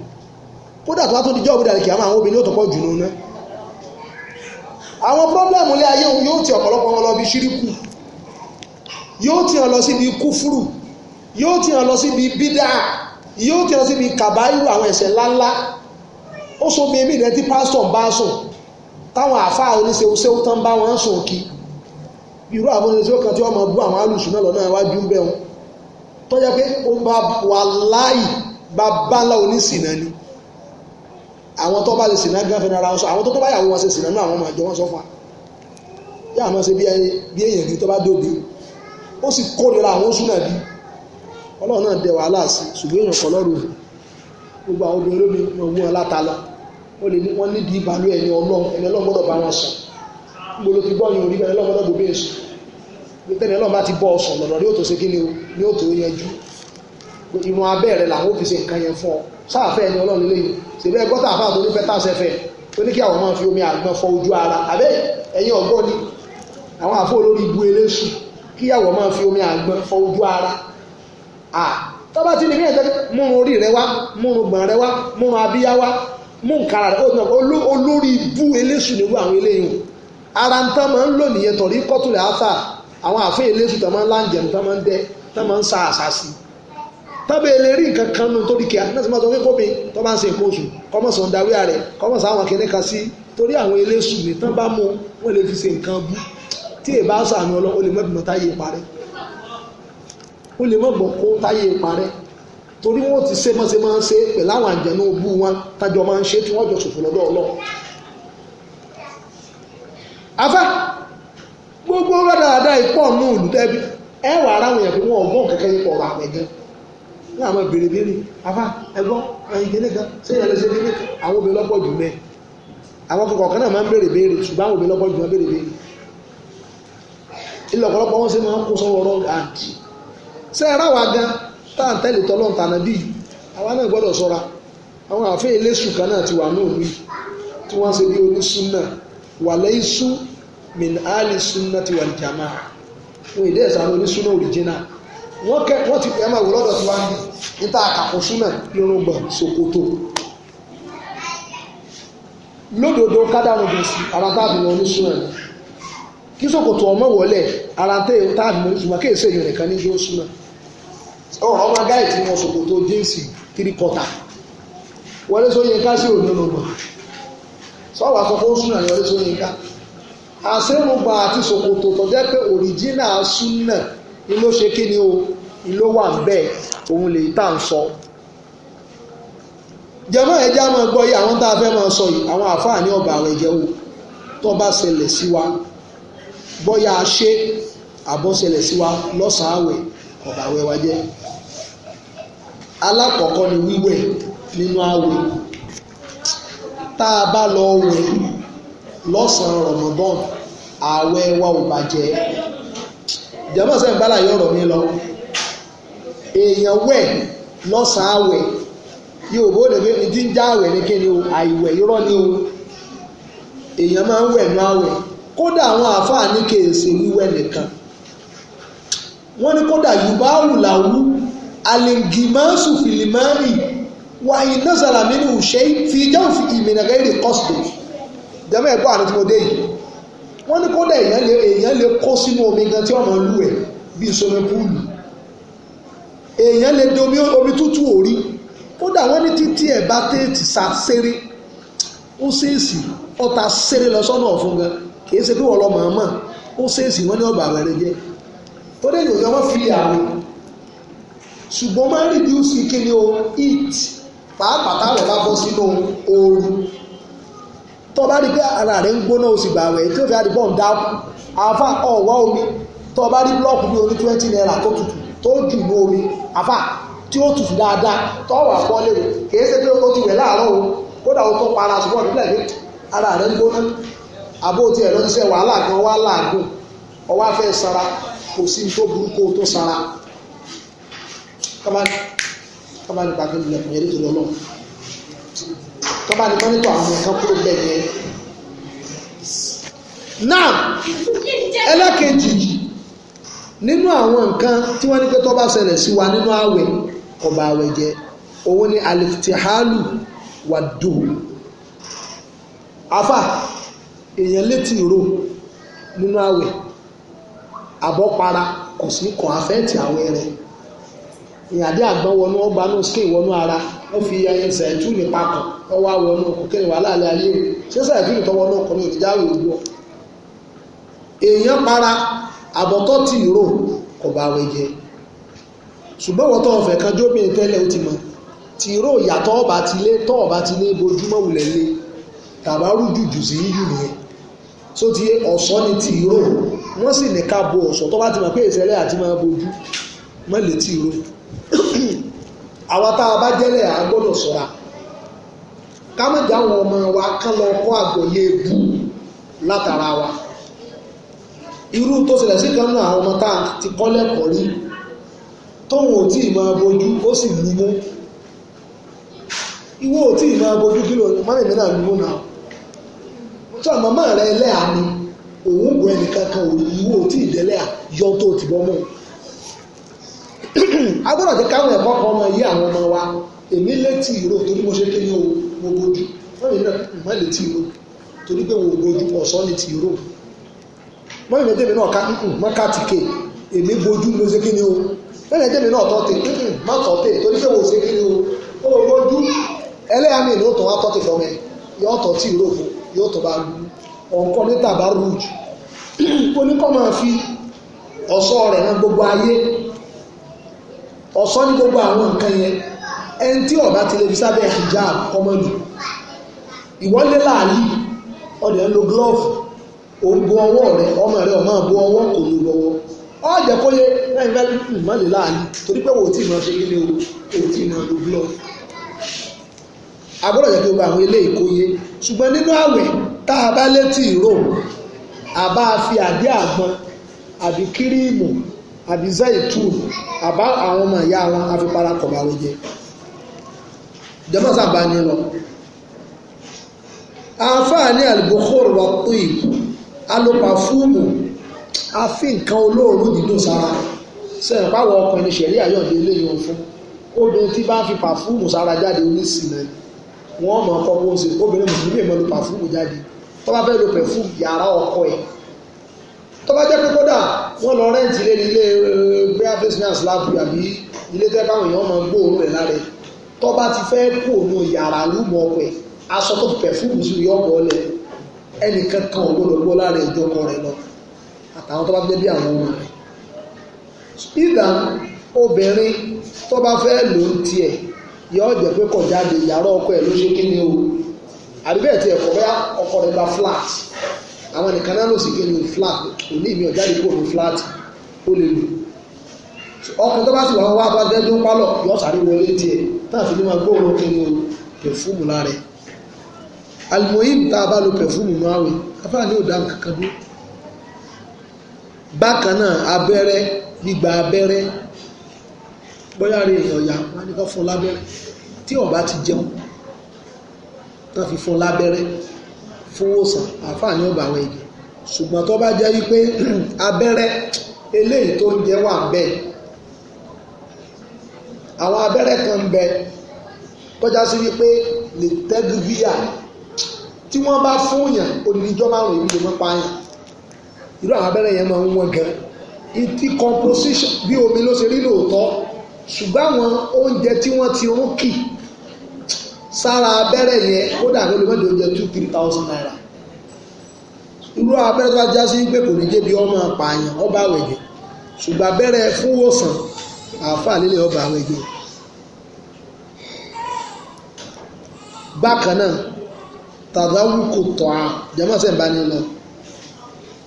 kódà tó wá tó di jọ́ òbúdàrí kì á máa àwọn obìnrin ó tọ́pọ̀ jù nù náà àwọn pọ́blẹ́mù ilé ayé yóò ti ọ̀pọ̀lọpọ̀ wọn lọ bí ṣíríkù yóò tì hàn lọ síbi kúfúrù yóò tì hàn lọ síbi bídà yóò tì hàn lọ síbi kàbáyìrù àwọn ẹ̀ṣẹ̀ ńláńlá ó so mi èmi rẹ tí pásítọ̀ ń bá sùn táwọn àáfàá oníṣẹ́wọ́sẹ́wọ́ tán bá wọn sùn kí irú àwọn oníṣẹ́wọ́ kan tí wọ́n máa bú àwọn alùsùn náà lọ́nà iwájú ń bẹ̀ wọn tó jẹ́ pé ó bá wà láì bá bálá oníṣìnà ni àwọn tó bá lè sìnà gán fẹ́ràn wọn sọ àwọn tó tó bá yàwó wọn ṣe sìnà náà àwọn ọmọ àjọ wọn sọ fún wa yà máa ṣe bí èèyàn rí tó bá dóbi ó sì kórìíra àwọn oṣù náà bí ọlọ́run náà dẹ wàhálà sí ṣùgbọ́n èèyàn kọ́ lọ́rùn gbogbo àwọn obìnrin olómi wọn wú wọn láta lọ wọn lè ní wọn nídìí ìbàlú ẹni ọlọ́run ẹni ọlọ́run gbọ́dọ̀ bá wọn sùn gbogbo ló ti gbọ́ yín orí ẹni ọlọ́run gbọ́dọ̀ bò bẹ́ẹ̀ sùn tẹ́lẹ̀ ọlọ́run bá ti bọ́ ọ̀sán lọ́dọ̀ ní òtò ṣégin ní òtò yanjú ìwọ̀n abẹ́ rẹ̀ làwọn òfìsè nǹkan yẹn fún ọ sáàfẹ́ ẹni ọlọ́run lè yìí ṣèlú ẹgbọ́n tá a fà tó ní fẹ́ tàṣẹfẹ́ tó ní kí àwọn máa fi omi àgbọn fọ ojú ara àbẹ́ ẹ̀yin ọ̀gbọ́n ni àwọn àfọ olórí ibu eléṣù kíyàwó máa fi omi àgbọn fọ ojú ara à tọ́ba tí nìyẹn tẹ́lẹ̀ múrun orí rẹ wá múrun gbọ̀n rẹ wá múrun abíyá wá mú nkàrà rẹ olórí ibú eléṣù níwú àwọn eléyìí ara ń tán máa ń lò nìyẹn torí kọ́tùlẹ̀ áfà àwọn àfẹ́ eléṣù tán máa ń láǹjẹ̀ tán máa ń dẹ tán máa ń sa àṣà sí i tọ́bẹ̀ lè rí nǹkan kan nù torí kíá náà sì máa sọ pé kómi tó ń ṣe nǹkan oṣù kọ́mọ̀sán darí rẹ̀ kọ́mọ̀sán àwọn akẹ́kẹ́ tí èbá sàánú ọlọ́ o lè mọ́ ìbìmọ̀ táyé parẹ́ o lè kó táyé torí wọn ti ṣe mọ́ṣe máa ń ṣe pẹ̀lú àwọn àjẹnú bú wọn tájọ máa ń ṣe tí jọ ṣòfò gbogbo rádàrádà ìpọ̀ nù ẹ wà ara wọn yẹn wọn ọ̀rọ̀ ní àwọn ẹyin kan ṣé àwọn obìnrin jù ilẹ̀ ọ̀pọ̀lọpọ̀ wọn ṣe máa ń kó sọ́wọ́ rọ́ọ̀gì àǹtí ṣé ẹ ráwa gan tá à ń tẹ́lẹ̀ tọ́lọ́ ń tànà bí yìí àwa náà gbọ́dọ̀ sọ́ra àwọn àfihàn eléṣù kan náà ti wà ní òní tí wọ́n ṣe bí oníṣun náà wà lẹ́yìn sún min ali sunna ti wà jama wọn ìdí ẹ̀sán oníṣun náà òrìjínà wọ́n wọ́n ti pẹ́ máa wò lọ́dọ̀ tí wọ́n ń bí níta àkàkọ́ kí sòkòtò ọmọ wọlé ara tẹ táàbì mọ ìṣùgbọ́n kí èsè yìí nìkan ní yóò súnmọ́ ọ̀rọ̀ ọmọ gáì tí wọ́n sòkòtò jíǹsì tírí kọta wọlé sóyínká sí òdòdó sọ́wọ́ àsọkó súnà ní wọlé sóyínká àṣẹ́rùgbà àti sòkòtò tó jẹ́ pé òrìjínà súnà ni ló ṣe kí ni o ló wà bẹ́ẹ̀ òun lè tà ń sọ jẹmọ́ ẹ já máa yìí àwọn tá a fẹ́ máa sọ yìí àwọn àfáà ní ọba bóyá a ṣe àbọ̀ṣẹlẹ̀ sí wa lọ́sàn-án àwẹ̀ ọ̀bàwẹ̀ wa jẹ́ alákọ̀ọ́kọ́ ni wíwẹ̀ nínú àwẹ̀ tá a bá lọ wẹ̀ lọ́sàn-án Ramadan àwẹ̀ wa ò bàjẹ́ jẹ́mọ̀ sẹ́yìn bá láyé ọ̀rọ̀ mi lọ èèyàn wẹ̀ lọ́sàn-án àwẹ̀ yóò bó lè gbé ní ti ń já àwẹ̀ ní kíni o àìwẹ̀ irọ́ ni o èèyàn máa ń wẹ̀ nú àwẹ̀ kódà àwọn àáfàá ní kèèṣe wíwẹ̀ nìkan wọ́n ní kódà yorùbá àwùláwù alìngìmọ́sù fìlìmọ́rì wà iná sàlàmì ní òṣè fi ìjọ́ fi ìmìnà gẹ́rì kọ́sìtò jẹ́mọ́ ẹ̀gbọ́n àti tí mo dé yìí wọ́n ní kódà èèyàn lè èèyàn lè kó sínú omi gan tí ọmọ lù ẹ̀ bí sọmi púùlù èèyàn lè di omi tútù òrí kódà wọ́n ní títí ẹ̀ bá tètè sá séré ó ṣèèṣì ọta séré lọ sọ́nà ọ̀fun gan kì í ṣe pé wọ́n lọ màmá ó ṣèèṣì wọ́n ní ọba àwẹ̀rẹ̀ jẹ́ tó dé ìròyìn ọmọ fi àwẹ̀ ṣùgbọ́n máa ń reduce kí ni o heat pàápàá táwọn bá bọ́ sínú ooru tó bá rí pé ara rẹ̀ ń gbóná o sì gbà wẹ̀ tí ó fi àdìbọ̀ ń dáàbò àfa ọ̀wá omi tó bá rí blọọkù bí oní twenty naira tó tutù tó jù ní omi àfa tí ó tutù dáadáa tó wà pọ́lé o kì í ṣe pé o ti wẹ̀ láàárọ̀ o kódà o tó para ṣùgbọ́n ìbílẹ̀ pé ara rẹ̀ ń gbóná àbó tiẹ̀ lọ ṣiṣẹ́ wàhálà gan wà láàgùn ọwọ́ afẹ́ sara kò sí tó burúkú tó sara kábàánì kábàánì pàtó ìlẹ̀kùn yẹn nítorí ọlọ́run kábàánì mọ́nítọ̀ àwọn nǹkan kúrò bẹ́ẹ̀ yẹn. náà ẹlẹ́kejì nínú àwọn nǹkan tí wọ́n ní pé tó bá ṣẹlẹ̀ sí wa nínú àwẹ̀ kò àwẹ̀ jẹ́ òun alifitihalu wàdùn afa èèyàn létí ìró nínú àwẹ̀ àbọ̀para kò sí kọ̀ àfẹ́ẹ̀tì àwẹ̀ rẹ̀ ìyàdí àgbọn wọnú ọgbà náà skin wọnú ara wọn fi ẹsẹ̀ ìtúni papọ̀ ọwọ́ àwọnú kòkèrè wà láàlẹ́ ayé o ṣé sẹ̀ ìtúni tọwọ́ náà kọ́ ní òdìjáwé ògbó ọ. èèyàn para àbọ̀tọ́ tí ìró kò bá wẹ̀ jẹ ṣùgbọ́n wọ́n tọ́ ọ̀fẹ́ kan jóbìnrin tẹ́lẹ̀ ó ti mọ̀ tí ìró ìyàtọ̀ ọba ti lé tọ́ ọba ti lé bojúmọ́ wulẹ̀ lé tàbá rújù jù sí yíyù nìyẹn tó ti ọ̀ṣọ́ ni ti ìró wọ́n sì ní ká bo ọ̀ṣọ́ tó bá ti mọ̀ pé ìṣẹ̀lẹ̀ àti máa bojú mọ́ lè ti ìró àwa tá a bá jẹ́lẹ̀ gbọ́dọ̀ ká àwọn ọmọ wa kán lọ kọ́ àgbọ̀yé ebu látara wa irú tó ṣẹlẹ̀ sí kan náà ti kọ́ lẹ́kọ̀ọ́ rí tóun ò tí ì máa bojú ó sì lúmú ìwọ ò tí ì máa bojú kí ló sọ màmá rẹ ẹlẹ́à ni òun bọ ẹnìkan kan ò ìwọ tí ìdẹ́lẹ́à yọ tó ti bọ́ mọ́ agbọ́dọ̀ jẹ́ káwọn ẹ̀kọ́ kan ọmọ yí àwọn ọmọ wa èmi létí ìró torí mo ṣe kí ni o mo bójú wọ́n mi náà má létí ìró torí pé mo bójú ọ̀sán létí ìró wọ́n mi méjèèmí náà ká mọ́kàtìkè èmi bójú mo ṣe kí ni o wọ́n mi méjèèmí náà tọ́tẹ̀ má tọ́tẹ̀ torí pé mo ṣe kí ni o ó bójú ẹlẹ́yàmí ni ó tàn wá tọ́tẹ̀ fọmọ ẹ̀ yọ ọ̀tọ̀ tí ìró fún un yóò tó bá lu ọ̀nkọ́ ní tàbá rúùjù oníkọ́ máa fi ọ̀ṣọ́ rẹ̀ hàn gbogbo ayé ọ̀ṣọ́ ní gbogbo àwọn nǹkan yẹn ẹni tí ọ̀bá ti lè fi sábẹ́ hijab kọ́mọ́lù ìwọ́lé láàlì ọ̀dẹ̀ ń lo glove òun bu ọwọ́ rẹ̀ ọmọ rẹ̀ ọmọ bu ọwọ́ kò lu lọ́wọ́ ọ̀jẹ̀ kó yẹ ẹ̀yin fẹ́ẹ́ má lè láàlì torí pé wò ó tì máa ṣe kí ni o ò tì máa lo glove agbọ́dọ̀ jẹ́ kí gbogbo àwọn ilé ìkóyé ṣùgbọ́n nínú àwẹ̀ tá a bá létí ìró àbá fi àdí àgbọn àbí kíríìmù àbí zaitu àbá àwọn ọmọ ìyá wọn afipára kọ̀ọ̀bá wọn jẹ jọmọ sábà ní lọ àǹfààní àlùbọ́kọ́rù wa tó ìlú alópa fúùmù àfi nǹkan olóòórùn dídùn sára sẹ́yìn páwọ̀ ọkùnrin ṣẹ̀rí àyọ̀dé eléyìí fún obìnrin tí bá fi pàfúùmù sára jáde oníṣìí náà wọ́n mọ̀ ọkọ bó ń ṣe obìnrin mùsùlùmí èèmọ̀ ló pàfúùmù jáde tó bá fẹ́ lo pẹ̀fúùmù yàrá ọkọ ẹ̀ tó bá jẹ́ pé kódà wọ́n lọ rẹ́ǹtì lé ní ilé prayer face náà slap àbí ilé tẹ́ báwọn èèyàn máa gbóòórùn rẹ̀ lára tó bá ti fẹ́ kó òun yàrá rúmọ̀ ọkọ ẹ̀ aṣọ tó pẹ̀fúùmù sí yọ̀bọ̀ ọlẹ̀ ẹnìkan kan ò gbọ́dọ̀ gbọ́ lára ìjọkọ rẹ̀ lọ àtàwọn tó bá fẹ́ bí àwọn ọmọ rẹ̀ ìdá obìnrin tó bá fẹ́ lò ó tiẹ̀ yọọ ọ pé jáde yàrá ọkọ̀ ẹ̀ ló ṣe kí ni o àbíbẹ̀ ẹ̀ tí ẹ̀kọ́ bá ọkọ̀ rẹ̀ bá flat àwọn nìkan náà ló sì flat òní ní ò flat ó lè lò ọkùnrin tó bá sì wà wá bá pálọ̀ yọ sáré wọlé tiẹ̀ kí ni o pẹ̀fúmù tá a bá lo pẹ̀fúmù máa wẹ̀ afáà ní òdà kankan bákan náà abẹ́rẹ́ tí ọba ti jẹun tán fi fún lábẹ́rẹ́ fowósàn àfààní ọba àwọn èdè ṣùgbọ́n tó bá jẹ́ wípé abẹ́rẹ́ eléyìí tó ń jẹ wà ń bẹ àwọn abẹ́rẹ́ kan ń bẹ tọ́já sí wípé lè tẹ́gù via tí wọ́n bá fún yàn onídìjọ́ márùn-ún èmi lè mọ́ pààyàn irú àwọn abẹ́rẹ́ yẹn máa ń wọ́n gan ìtì composition bí omi ló ṣe rí lóòótọ́ ṣùgbọ́n àwọn oúnjẹ tí wọ́n ti rún kì í sára abẹ́rẹ́ yẹn kódà ló lè mọ́jọ jẹ two three thousand naira irú abẹ́rẹ́ tó bá já sí pé kò ní ọmọ ọba àáfàá ọba bákan náà tàdáwù kò tọ́ a jẹ́mọ́ bá ní o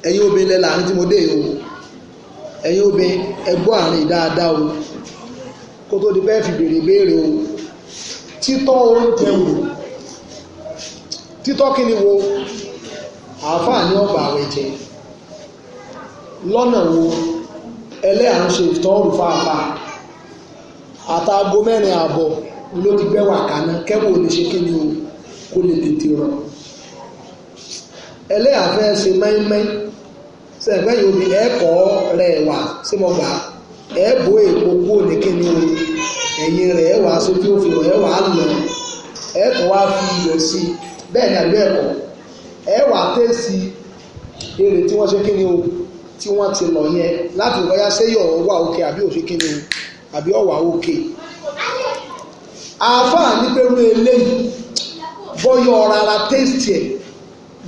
ẹ̀yin obìnrin ẹ gbọ́ o di o. títọ́ oúnjẹ wò títọ́ kí ni wo àáfàá ní ọ̀bà àwẹ̀ jẹ lọ́nà wo ẹlẹ́à ń ṣe ìtọ́rù fáfá àtàgò mẹ́rin àbọ̀ ló ti gbẹ́ wà kaná kẹ́wò lè ṣe kí ni o kó lè tètè rọ ẹlẹ́à fẹ́ ṣe mẹ́mẹ́ sẹ́gbẹ́yìn obì ẹ̀kọ́ rẹ̀ wà sí mo gbà ẹ̀bù èèpo ní kí ni o ẹ̀yìn rẹ̀ ẹ̀ wàá sojú òfin ẹ̀ wàá lọ ẹ̀ tó wá fi iyọ̀ sí i bẹ́ẹ̀ ni àbí ẹ̀kọ́ ẹ̀ wàá tẹ̀sí èrè tí wọ́n ṣe kí ni o tí wọ́n ti lọ yẹn láti bọ́yá sẹ́yìn ọ̀rọ̀ wà òkè àbí òṣè kí ni o àbí ọ̀wà òkè. àáfàá ní pẹ̀lú eléyìí bọ́yọ̀ rárá tẹ́sítì ẹ̀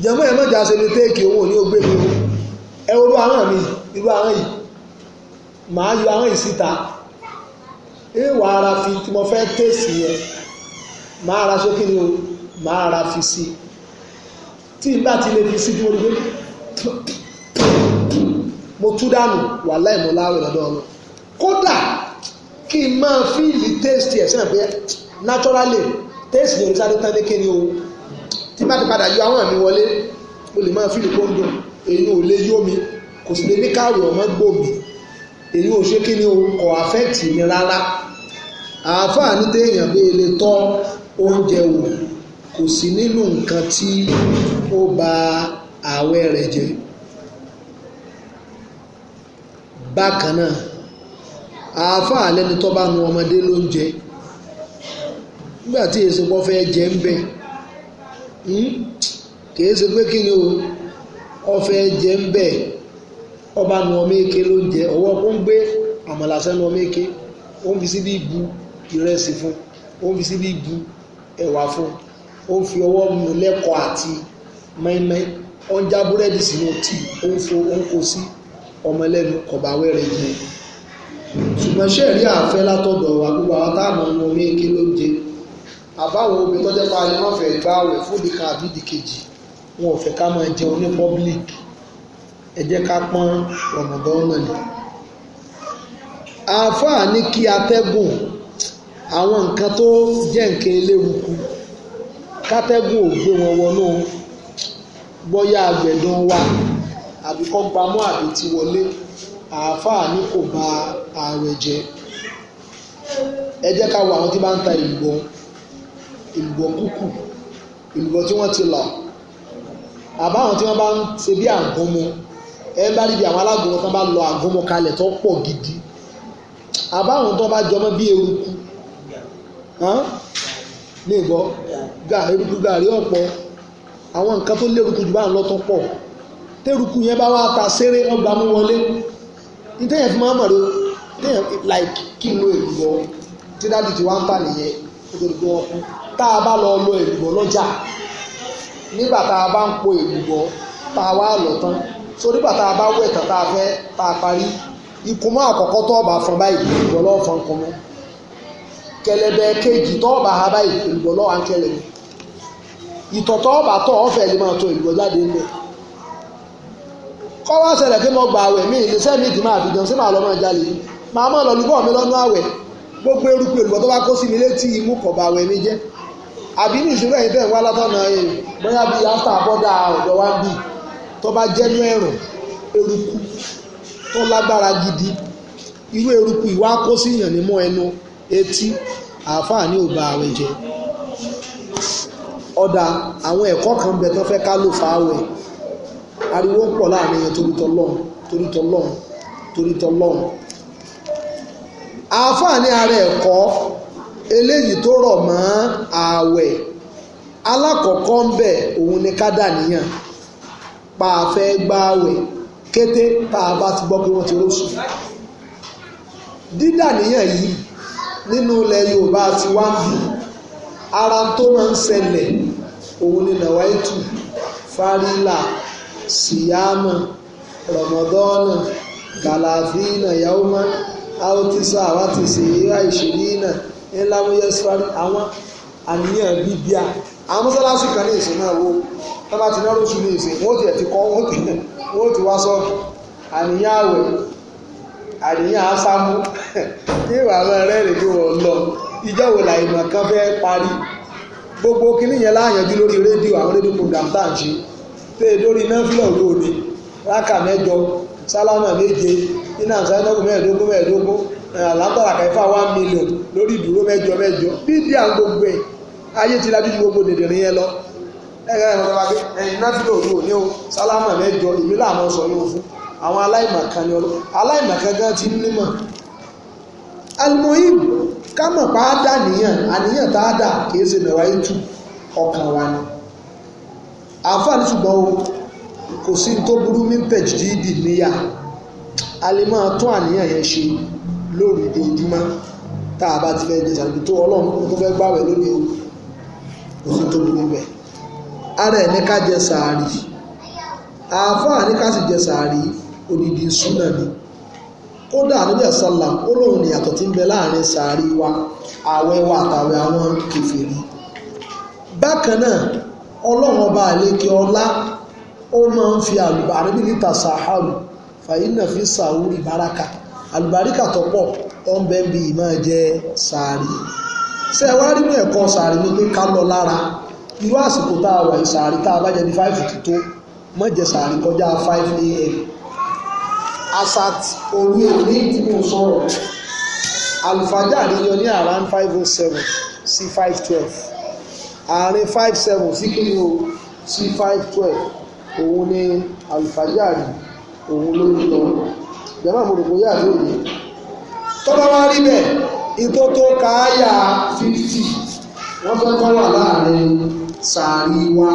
jẹ́mọ́ ẹ̀ mọ́jà ṣe ní téèkì owó ní ogbé mi ẹ orú àwọn mi irú àwọn yìí màá yọ àwọn yìí síta èèwà ara fi tí mo fẹ́ tèsì yẹn máa ra ṣé kí ni o máa ra fi sí tí n bá ti lè fi sí bí mo rí pé mo tú dànù wàláhì mo láwẹ̀ lọ́dọ̀ ọ̀nà kódà kí n máa fíìlì tèsì ẹ̀ sẹ́yìn pé naturally tèsì ni orísàdé tán ní kí ni o tí bá ti padà yọ àwọn àmì wọlé mo lè máa fíìlì kóńdò èyí ò lè yó mi kò sì lè ní káàrò ọmọ gbòmí èyí ò ṣe kí ni o kò àfẹ́ẹ̀tì mi rárá àáfàá ní téèyàn bí ilé tọ́ oúnjẹ wò kò sí nínú nǹkan tí ó ba ààwẹ̀ rẹ̀ jẹ́ bákan náà àáfàá lẹ́ni tó bá nu ọmọdé lóúnjẹ nígbà tí èso pọ́ fẹ́ jẹ ń bẹ̀ hmm, kìí ṣe pé kí ni o ọfẹ́ jẹ ń bẹ̀ ọba nu ọmọ èké lóúnjẹ ọwọ́ kó ń gbé àmàlà sẹ́nu ọmọ èké ó ń fi síbí bu ìrẹsì fún ó fi síbí bu ẹ̀wà fún ó fi ọwọ́ mu lẹ́kọ̀ọ́ àti mẹ́mẹ́ ó ń já búrẹ́dì sínú tíì ó ń fo ó ń kó sí ọmọ ẹlẹ́nu kọ̀báwé rẹ̀ jẹ ṣùgbọ́n ṣé ẹ̀rí àfẹ́ látọ̀dọ̀ wa gbogbo àwọn táàmù ọmọ mi kí ló ń jẹ àbáwọn obìnrin tó jẹ́ pa ni wọ́n fẹ́ gbá àwẹ̀ fúdi kan àbí di kejì wọn ò fẹ́ ká máa jẹun ní public ẹ jẹ́ ká pọ́n ọ̀nà dánwò ni àáfàá ní kí atẹ́gùn àwọn nǹkan tó jẹ́ nǹkan eléwuku kátẹ́gùn ò gbé wọn wọnú bọ́yá agbẹ̀dùn wa àbí kọ́ gbámú àbí ti wọlé àáfàá ní kò bà ààrẹ jẹ́ ẹ jẹ́ ká wo àwọn tí bá ń ta ìlùbọ́ ìlùbọ́ kúkù ìlùbọ́ tí wọ́n ti là àbáwọn tí wọ́n bá ń ṣe bí àgúnmu ẹ bá rí bí àwọn alágúnmu tán bá lọ àgúnmu kalẹ̀ tó pọ̀ gidi àbáwọn tó bá jọmọ́ bí eruku ní ìgbọ́ eruku gàrí ọ̀pọ̀ àwọn nǹkan tó léruku jù bá ń lọ́tọ́ pọ̀ yẹn bá wá ta sẹ́rẹ́ ọgbà mú wọlé ní tẹ́yẹ̀ fi máa tẹ́yẹ̀ like kí n lo tà bá lọ lo èlùbọ́ lọ́jà nígbà tá a bá ń lọ tán so nígbà tá a bá fẹ́ tá a parí àkọ́kọ́ tó fún báyìí fún kẹlẹbẹ kejì tọọba haba báyìí èlùbọ́ lọ́wọ́ à ń kẹlẹ̀bẹ̀ ìtọ̀ tọ́ọ̀bà tọ èlùbọ́ jáde ńlẹ̀ kọ́ wá ṣẹlẹ̀ kí mo gba àwẹ̀ mi ìlẹ́sẹ̀ mi máa fi sí lọ máa jalè ma màá mọ lọ mi gbogbo eruku tó bá kó sí mi létí imú mi àbí ní ìṣúná yìí wá bóyá bíi bì tó gidi irú ìwá kó sí etí àáfàá ní ò ba àwẹ̀ jẹ́ ọ̀dà àwọn ẹ̀kọ́ kan bẹ tán fẹ́ ká ló fa àwẹ̀ ariwo ń pọ̀ láàrin yẹn torí tọlọ́run torí tọlọ́run torí tọlọ́run àáfàá ní ara ẹ̀kọ́ eléyìí tó rọ̀ mọ́ ààwẹ̀ alákọ̀ọ́kọ́ ń bẹ̀ òun ni ká dàníyàn pa àfẹ́ gbààwẹ̀ kété tá a bá ti gbọ́ pé wọ́n ti róṣù dídàníyàn yìí nínú ilẹ̀ Yorùbá àti wáńbì ara tó máa ń ṣẹlẹ̀ òun ni nàwáìtù fárílà síyámù rọmọdọ́nà gàlàfínà yaoma autisa àwátì sèyíra ìṣèlínà ńlámúyẹsíwárí àwọn àníyàn bíbíà àwọn mọ́sálásí kan ní ìsìn náà wo tọ́ba ti náà lóṣù ní ìsìn wọ́n ti ẹ̀ ti kọ́ wọ́n ti wá sọ́ọ̀kì àníyàn àwẹ̀ àníyàn asámú ní ìwà máa ẹrẹ kí wọ́n lọ ìjọ wo là ìmọ̀ kan fẹ́ parí gbogbo kínní yẹn láàyànjú lórí rédíò àwọn rédíò program tá à ń ṣe pé lórí náfìlà rákà mẹ́jọ sálámà méje iná mẹ́ẹ̀ẹ́dógún mẹ́ẹ̀ẹ́dógún kẹfà lórí ìdúró mẹ́jọ mẹ́jọ bíbí à ń gbogbo ẹ̀ ayé ti lajú ju gbogbo dèdèrè yẹn lọ o sálámà mẹ́jọ ìmílà àwọn àwọn aláìmọ̀kan ni ọlọ́ aláìmọ̀kan gan ti ní mọ̀ alimohim kámọ̀ pa á dà níyàn àníyàn tá a dà kì í ṣe mẹ̀wá ètù ọkàn wa ni àǹfààní ṣùgbọ́n o kò sí tó burú ní tẹ̀jìdìdì níyà a lè máa tún àníyàn yẹn ṣe lórí ojoojúmọ́ tá a bá ti fẹ́ jẹ tàbí tó ọlọ́run tó fẹ́ gbàwẹ̀ lórí o kò sí tó burú bẹ́ẹ̀ ara ẹ̀ ní ká jẹ sàárì àáfàá ká sì jẹ sàárì odidi súnà ni kódà ànábì àsálà ó lóun ní yàtọ̀ tí ń bẹ láàrin sàárì wa àwẹ̀ wa àtàwẹ̀ àwọn kèfèrí bákan náà ọlọ́run ọba àlékè ọlá ó máa ń fi àlùbà ànábì níta sàhálù fàyínà fi sàúrì báràkà àlùbáríkà tó pọ̀ ó ń bẹ bí ìmọ̀ jẹ sàárì ṣé wá rí ní ẹ̀kọ́ sàárì ni pé ká lọ lára irú àsìkò tá a wà sàárì tá a bá jẹ ní five to tó mọ̀ jẹ sàárì kọjá five a.m asat orí èmi tí mo sọ̀rọ̀ alifájà níyọ ní around five oh seven sí five twelve àárín five seven sí kí ni o sí five twelve òun ni alifájà rí òun ló ń lọ jẹ́mọ́ mo rò pé yà ló yẹ tọ́ba rí bẹ́ẹ̀ ìtò tó káyà fifty wọ́n fẹ́ kọ́ wà láàrin sàárì wa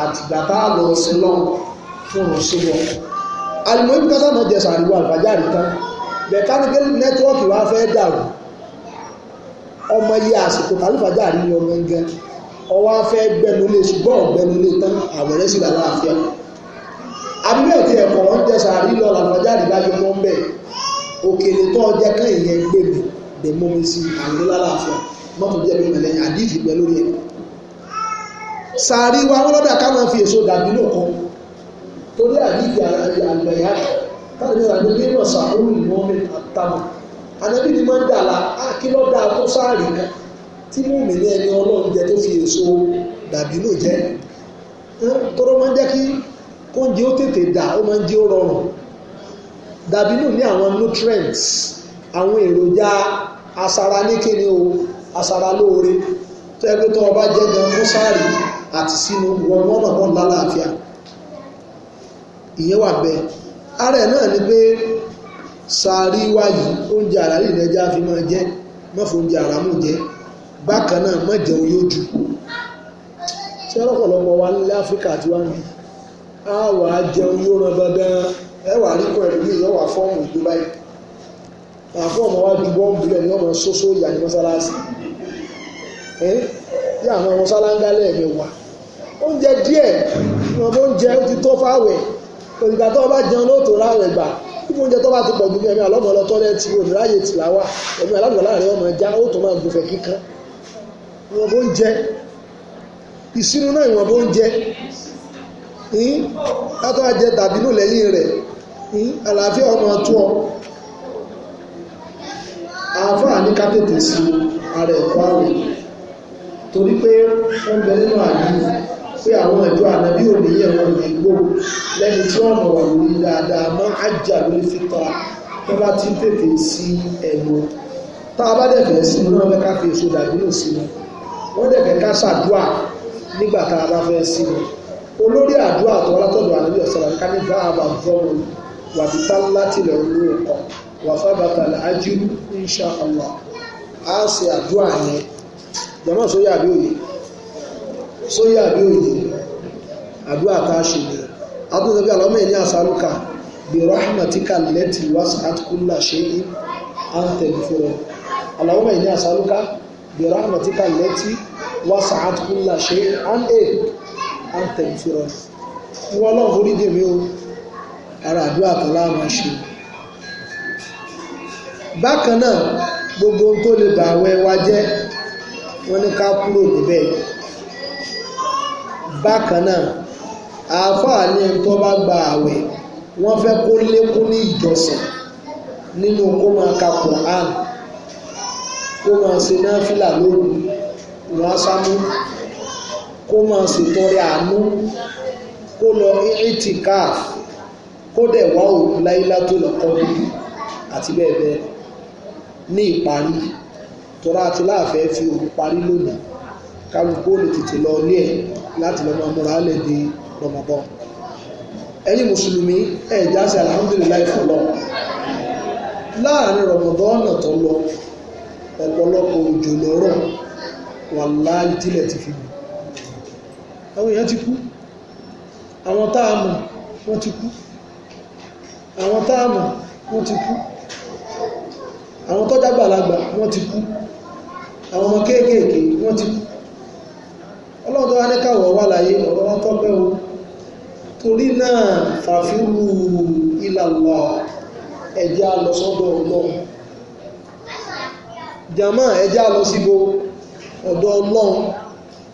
àtìgbà tá a lọ sí lọ́wọ́ fún òun síbọ̀ àlùmọ́ ibi kásá máa jẹsà àríwá àlùfájàrí tán mẹkáníkì nẹ́tíwọ́ọ̀kì wa fẹ́ dàrú ọmọ iye àsìkò kàlùfájàrí ni ọmọ ń gẹ ọwọ́ afẹ́ gbẹnulé ṣùgbọ́n ọ̀gbẹnulé tán àwẹ̀rẹ́ sì làwọn àfẹ́ abúlé ti ẹ̀kọ́ wọn jẹ́ sàárì lọ làbájáde bá yọ wọn bẹ́ẹ̀ òkèlè tó ọjẹ́ kán ìyẹn gbé mi dè mú mi sí àlọ́ lálàáfíà mọ́tò jẹ́ mi mẹ̀lẹ́yìn àdìsí pẹ̀lú rẹ̀ sàárì wa wọn lọ́dà ká máa fi èso dàbí lóko torí àdìdì àgbẹ̀yà táwọn ènìyàn àgbẹ̀ lé náà sàkóòrò ìmọ̀ọ́mẹ́ àtàwọn ànábì ni máa ń dàlà àkílọ́dà ah, tó sáàrì kan tí mú mi ní ẹni ọlọ́run jẹ tó fi èso dàbínú jẹ tọ́rọ máa ń jẹ́ kí kóúnjẹ ó tètè dà ó máa ń jẹ́ ó rọrùn dàbínú ní àwọn nutrients àwọn èròjà asara níkiri o asara lóore tó ẹgbẹ́ tó ọba jẹ́ gan fún sáàrì àti sínú wọn mọ́nà kan lálàáfíà. ìyẹn wà bẹ ara ẹ̀ náà ni pé sàárì wá oúnjẹ àràlì fi máa jẹ́ má oúnjẹ àràmù jẹ bákan náà má jẹ́ oyójú tí wa nílẹ̀ áfíríkà ti wá á wà á jẹun yóò ràn dandan ẹ wà rí wà ìjọba yìí wa ju ní ọmọ sósó ìyá ní ẹ àwọn ọmọ kò ìgbà tó o bá jẹun ló tó ráàyè gbà ibi oúnjẹ tó bá ti pọ̀ gbogbo ẹ̀mí àlọ́mọ lọ tọ́lẹ́ẹ̀tì oníráyè tì láwà ẹ̀mí aládùúgbò láàrin ọmọ ẹja ó tó máa gbòfẹ̀ kíkan ìwọ̀n bó ń jẹ ìsinú náà ìwọ̀n bó ń jẹ látọ́ àjẹ tàbí nù lẹ́yìn rẹ̀ àlàáfíà ọmọ tó ọ àáfàá ní ká tètè sí ara ẹ̀kọ́ àwẹ̀ torí pé wọ́n bẹ nínú àdúgbò pé àwọn ìjọ ànábí ò níyẹ̀ wọn ní igbó lẹ́ni tí ọ̀nà wà lórí dáadáa mọ́ ájà lórí fíta tó bá ti tètè sí ẹnu tá a bá dẹ̀ fẹ́ sí wọn fẹ́ ká fi èso dàbí lò sí wọn wọ́n dẹ̀ fẹ́ ká ṣàdúà nígbà tá a bá fẹ́ sí wọn olórí àdúà tó látọ̀dọ̀ ànábí ọ̀sán àti káni bá àbà fọ́ọ̀mù wàbítá láti lẹ̀ olú ọkọ̀ wàfábàtà àjírú insha Allah á ṣe àdúà yẹn jàmọ́ sóyà bí òye sóyè àbí òye àdúrà tá a ṣe ni àtúntò bí àlọ́mọ ẹ̀ ní àsálùkà bí rahmatika lẹ́tì wàsàt kúlà ṣe é àǹtẹ̀lì fúnra àlọ́mọ ẹ̀ ní àsálùkà bí rahmatika lẹ́tì wàsàt kúlà ṣe é àǹtẹ̀lì fúnra wọ́n forí dèmí o ara àdúrà kan láàmú ṣe bákan náà gbogbo tó lè bà àwẹ̀ wa jẹ́ wọ́n ní ká kúrò níbẹ̀ bákan náà àáfàá ní ẹni tó bá gba àwẹ̀ wọ́n fẹ́ kó lékún ní ìjọsìn nínú kó máa ka Quran kó máa ṣe náfìlà lóru wọn sámú kó máa ṣètọrẹ àánú kó lọ itikaf kó dẹ̀ wá òru láyílá tó lọ́kọ́ bí àti bẹ́ẹ̀ bẹ́ẹ̀ ní ìparí tọ́ra àti láàfẹ́ fi òru parí lónìí kálukú ò lè tètè lọ ilé ẹ̀ láti lọ́mọ múra lè di rọmọbọ ẹ̀yin mùsùlùmí ẹ já sí alihamudulilayi fọlọ láàrin rọmọbọ ọ̀nà tó lọ ọ̀pọ̀lọpọ̀ òjò lọ́rọ̀ wà láàyè tílẹ̀ ti fi mọ̀ àwọn èèyàn ti kú àwọn tá a mọ̀ wọ́n ti kú àwọn tá a mọ̀ wọ́n ti kú àwọn tọ́jà gbàlagbà wọ́n ti kú àwọn ọmọ kéékèèké wọ́n ti kú wá ní káwọ̀ wà láyé ọ̀rọ̀ wọn tọ́pẹ́ o torí náà fàfírù ìlàlọ́ ẹ̀já lọ sọ́dọ̀ ọlọ́run jàmá ẹ̀já lọ síbo ọ̀dọ̀ ọlọ́run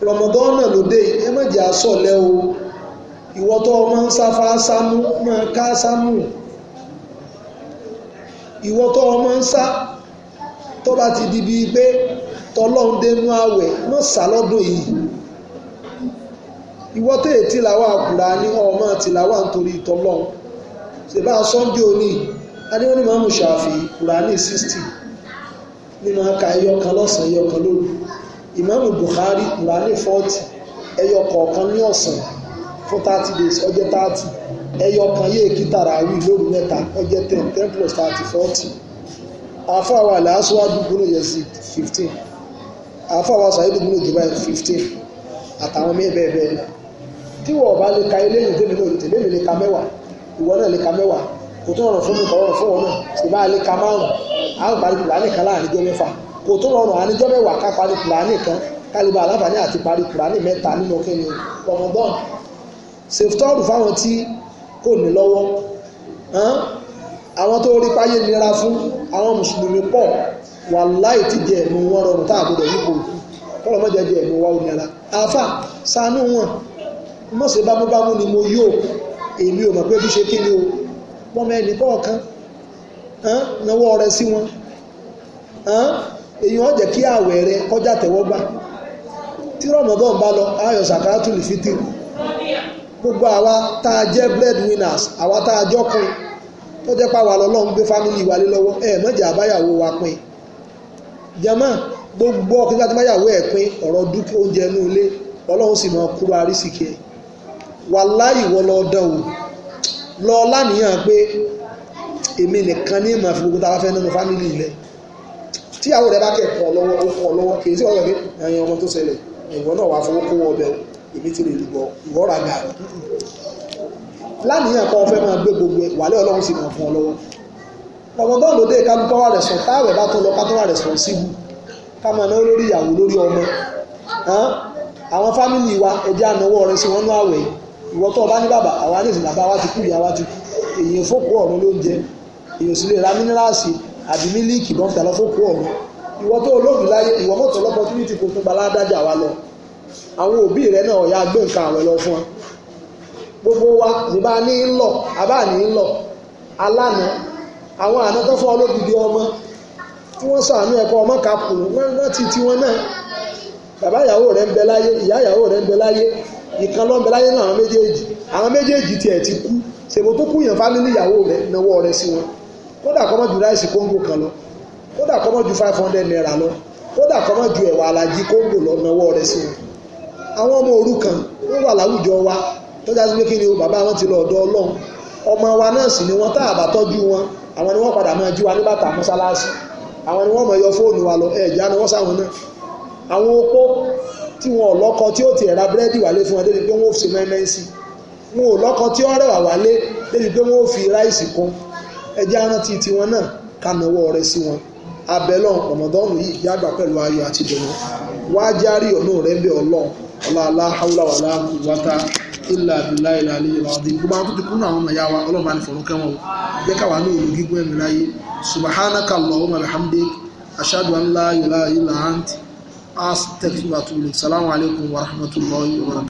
rọmọdán náà lóde ẹ má jẹ́ àsọ̀lẹ́ o ìwọ tó o máa ń sáfá sámú máa ká sámú ìwọ tó o máa ń sá tó bá ti di bíi pé tọlọ́run dénú àwẹ̀ má sá yìí ìwọ́ tó èyí tìlàwà àkùrà ní ọmọ tìlàwà nítorí ìtọ́lọ́hún ṣèbá sunday òní adéwọ́nì máa mú ṣàfi kùránì sixty ní máa ka ẹyọ kan lọ́sàn-án ẹyọ kan lóru ìmáàmù Bukhari kùránì forty ẹyọ kọ̀ọ̀kan ní ọ̀sán fún thirty days ọjọ́ thirty ẹyọ kan yé kítàrà àwí lóru mẹ́ta ọjọ́ ten ten plus thirty forty àfọwà làásùwájú gbóná yẹsì fifteen àfọwà sàyẹ́dùgbóná jùbá fifteen àtàwọn mẹ́ẹ̀ẹ́bẹ́ẹ̀ tí wọ́n bá lè ka eléyìí tèmi náà tèmi mi lè ka mẹ́wàá ìwọ náà lè ka mẹ́wàá kò tó rọrùn fún mi kò rọrùn fún wọn náà ìbá lè ka márùn àwọn parí kùránì kan láàrin jọ mẹ́fà kò tó rọrùn àní jọ mẹ́wàá ká parí kùránì kan kálíbà aláfààní àti parí kùránì mẹ́ta nínú kíni ọmọdọ́n ṣèftọ́ọ̀rù fáwọn tí kò ní lọ́wọ́ àwọn tó rí páyé nira fún àwọn mùsùlùmí pọ̀ wàláì ti jẹ ẹ̀mú wọn rọrùn tá mo ṣe bámúbámú ni mo yóò èmi ò mọ̀ pé bí ṣe kí ni o pọ́nmọ ẹnì kọ̀ọ̀kan náwó rẹ sí wọn èèyàn jẹ́ kí àwẹ̀ rẹ kọjá tẹ̀wọ́gbà tí rọ̀mọ́dọ́n bá lọ ayọ̀ sàkátù lè fi gbogbo àwa tá a jẹ́ bread winners àwa tá a tó jẹ́ pàwọ́ wa pin gbogbo ọkùnrin pin ọ̀rọ̀ dúkìá oúnjẹ inú ilé ọlọ́run sì kúrò wàláì wọ lọ dán o lọ lánìyàn pé èmi nìkan ní ìmọ̀ àfikún tá a fẹ́ nínú fámìlì ilẹ̀ tí àwọn ọ̀rẹ́ bá kẹ̀kọ́ lọ́wọ́ ó kọ́ lọ́wọ́ kì í sí ọ̀rẹ́ pé ẹ̀yin ọmọ tó ṣẹlẹ̀ ìwọ náà wàá fowó kówó ọbẹ̀ èmi ti lè lùbọ̀ ìwọ ra gàrí lánìyàn kọ́ fẹ́ máa gbé gbogbo ẹ̀ wàlẹ́ ọlọ́run sì máa fún ọ lọ́wọ́ ọmọdún ló dé kálukọ́ wà rẹ̀ sùn táwẹ̀ bá tó lọ ká tó wà rẹ̀ sùn síbu ká máa náwó lórí ìyàwó lórí ọmọ àwọn fámìlì wa ẹ̀jẹ̀ ìwọ tó o bá ní bàbá àwọn anísìn bàbá wa ti kú ìyá wa ti kú èyàn fòkú ọ̀run ló ń jẹ èyàn sì lè ra mínírààsì àbí mílíìkì bọ́ǹtà lọ fòkú ọ̀run ìwọ tó olóògùn láyé ìwọ mọ̀tò lọ́pọ̀tunítì kò tó balá dájà wa lọ àwọn òbí rẹ náà ọ̀yà gbé nǹkan àwẹ̀ lọ fún wa gbogbo wa ní bá ní ń lọ àbá ní ń lọ alánà àwọn àna tó fọ́ olódìdí ọmọ tí wọ́n sàánú ẹ̀kọ́ ọmọ kàpù wọ́n ti tiwọn náà bàbá ìyàwó rẹ̀ ń bẹ láyé ìyá ìyàwó rẹ̀ ń bẹ láyé ìkan lọ́nbẹ láyé náà àwọn méjèèjì àwọn méjèèjì tiẹ̀ ti kú ṣèbò tó kúyàn fámílì ìyàwó rẹ̀ náwó rẹ̀ sí wọn kódà kọ́mọ́ ju ráìsì kóńgò kan lọ kódà kọ́mọ́ ju five hundred naira lọ kódà kọ́mọ́ ju ẹ̀wà alájí kóńgò lọ náwó rẹ̀ sí wọn. àwọn ọmọ òrukàn ló wà láwùjọ wa tọ́jà sí pé kí ni o bàbá wọn ti lọ ọ̀dọ̀ ọlọ́run ọmọ wa náà sì ni wọ́n tá àbá tọ́jú wọn àwọn ni wọ́n padà máa jí wa ní bàtà mọ́sálásí àwọn ni wọ́n mọ̀ yọ fóònù wa lọ ẹ̀já ni wọ́n sáwọn náà àwọn opó tí wọn ò lọ́kọ tí ó ti ra búrẹ́dì wálé fún wọn débi pé wọn ò fi sí wọn ò tí ó rẹwà wálé débi pé wọn ò fi ráìsì kún ẹjẹ́ arántí tiwọn náà ká nawọ́ rẹ sí wọn abẹ́lọ́ ọ̀mọ̀dọ́nù yìí yàgbà pẹ̀lú ayọ̀ àti járí ọ̀nà rẹ̀ bí haúlá ilà wa kẹwọn jẹ́ káwa ní òòlù gígùn ẹ̀mí láyé astagfirullah wa rahmatulahi wa barakatuh.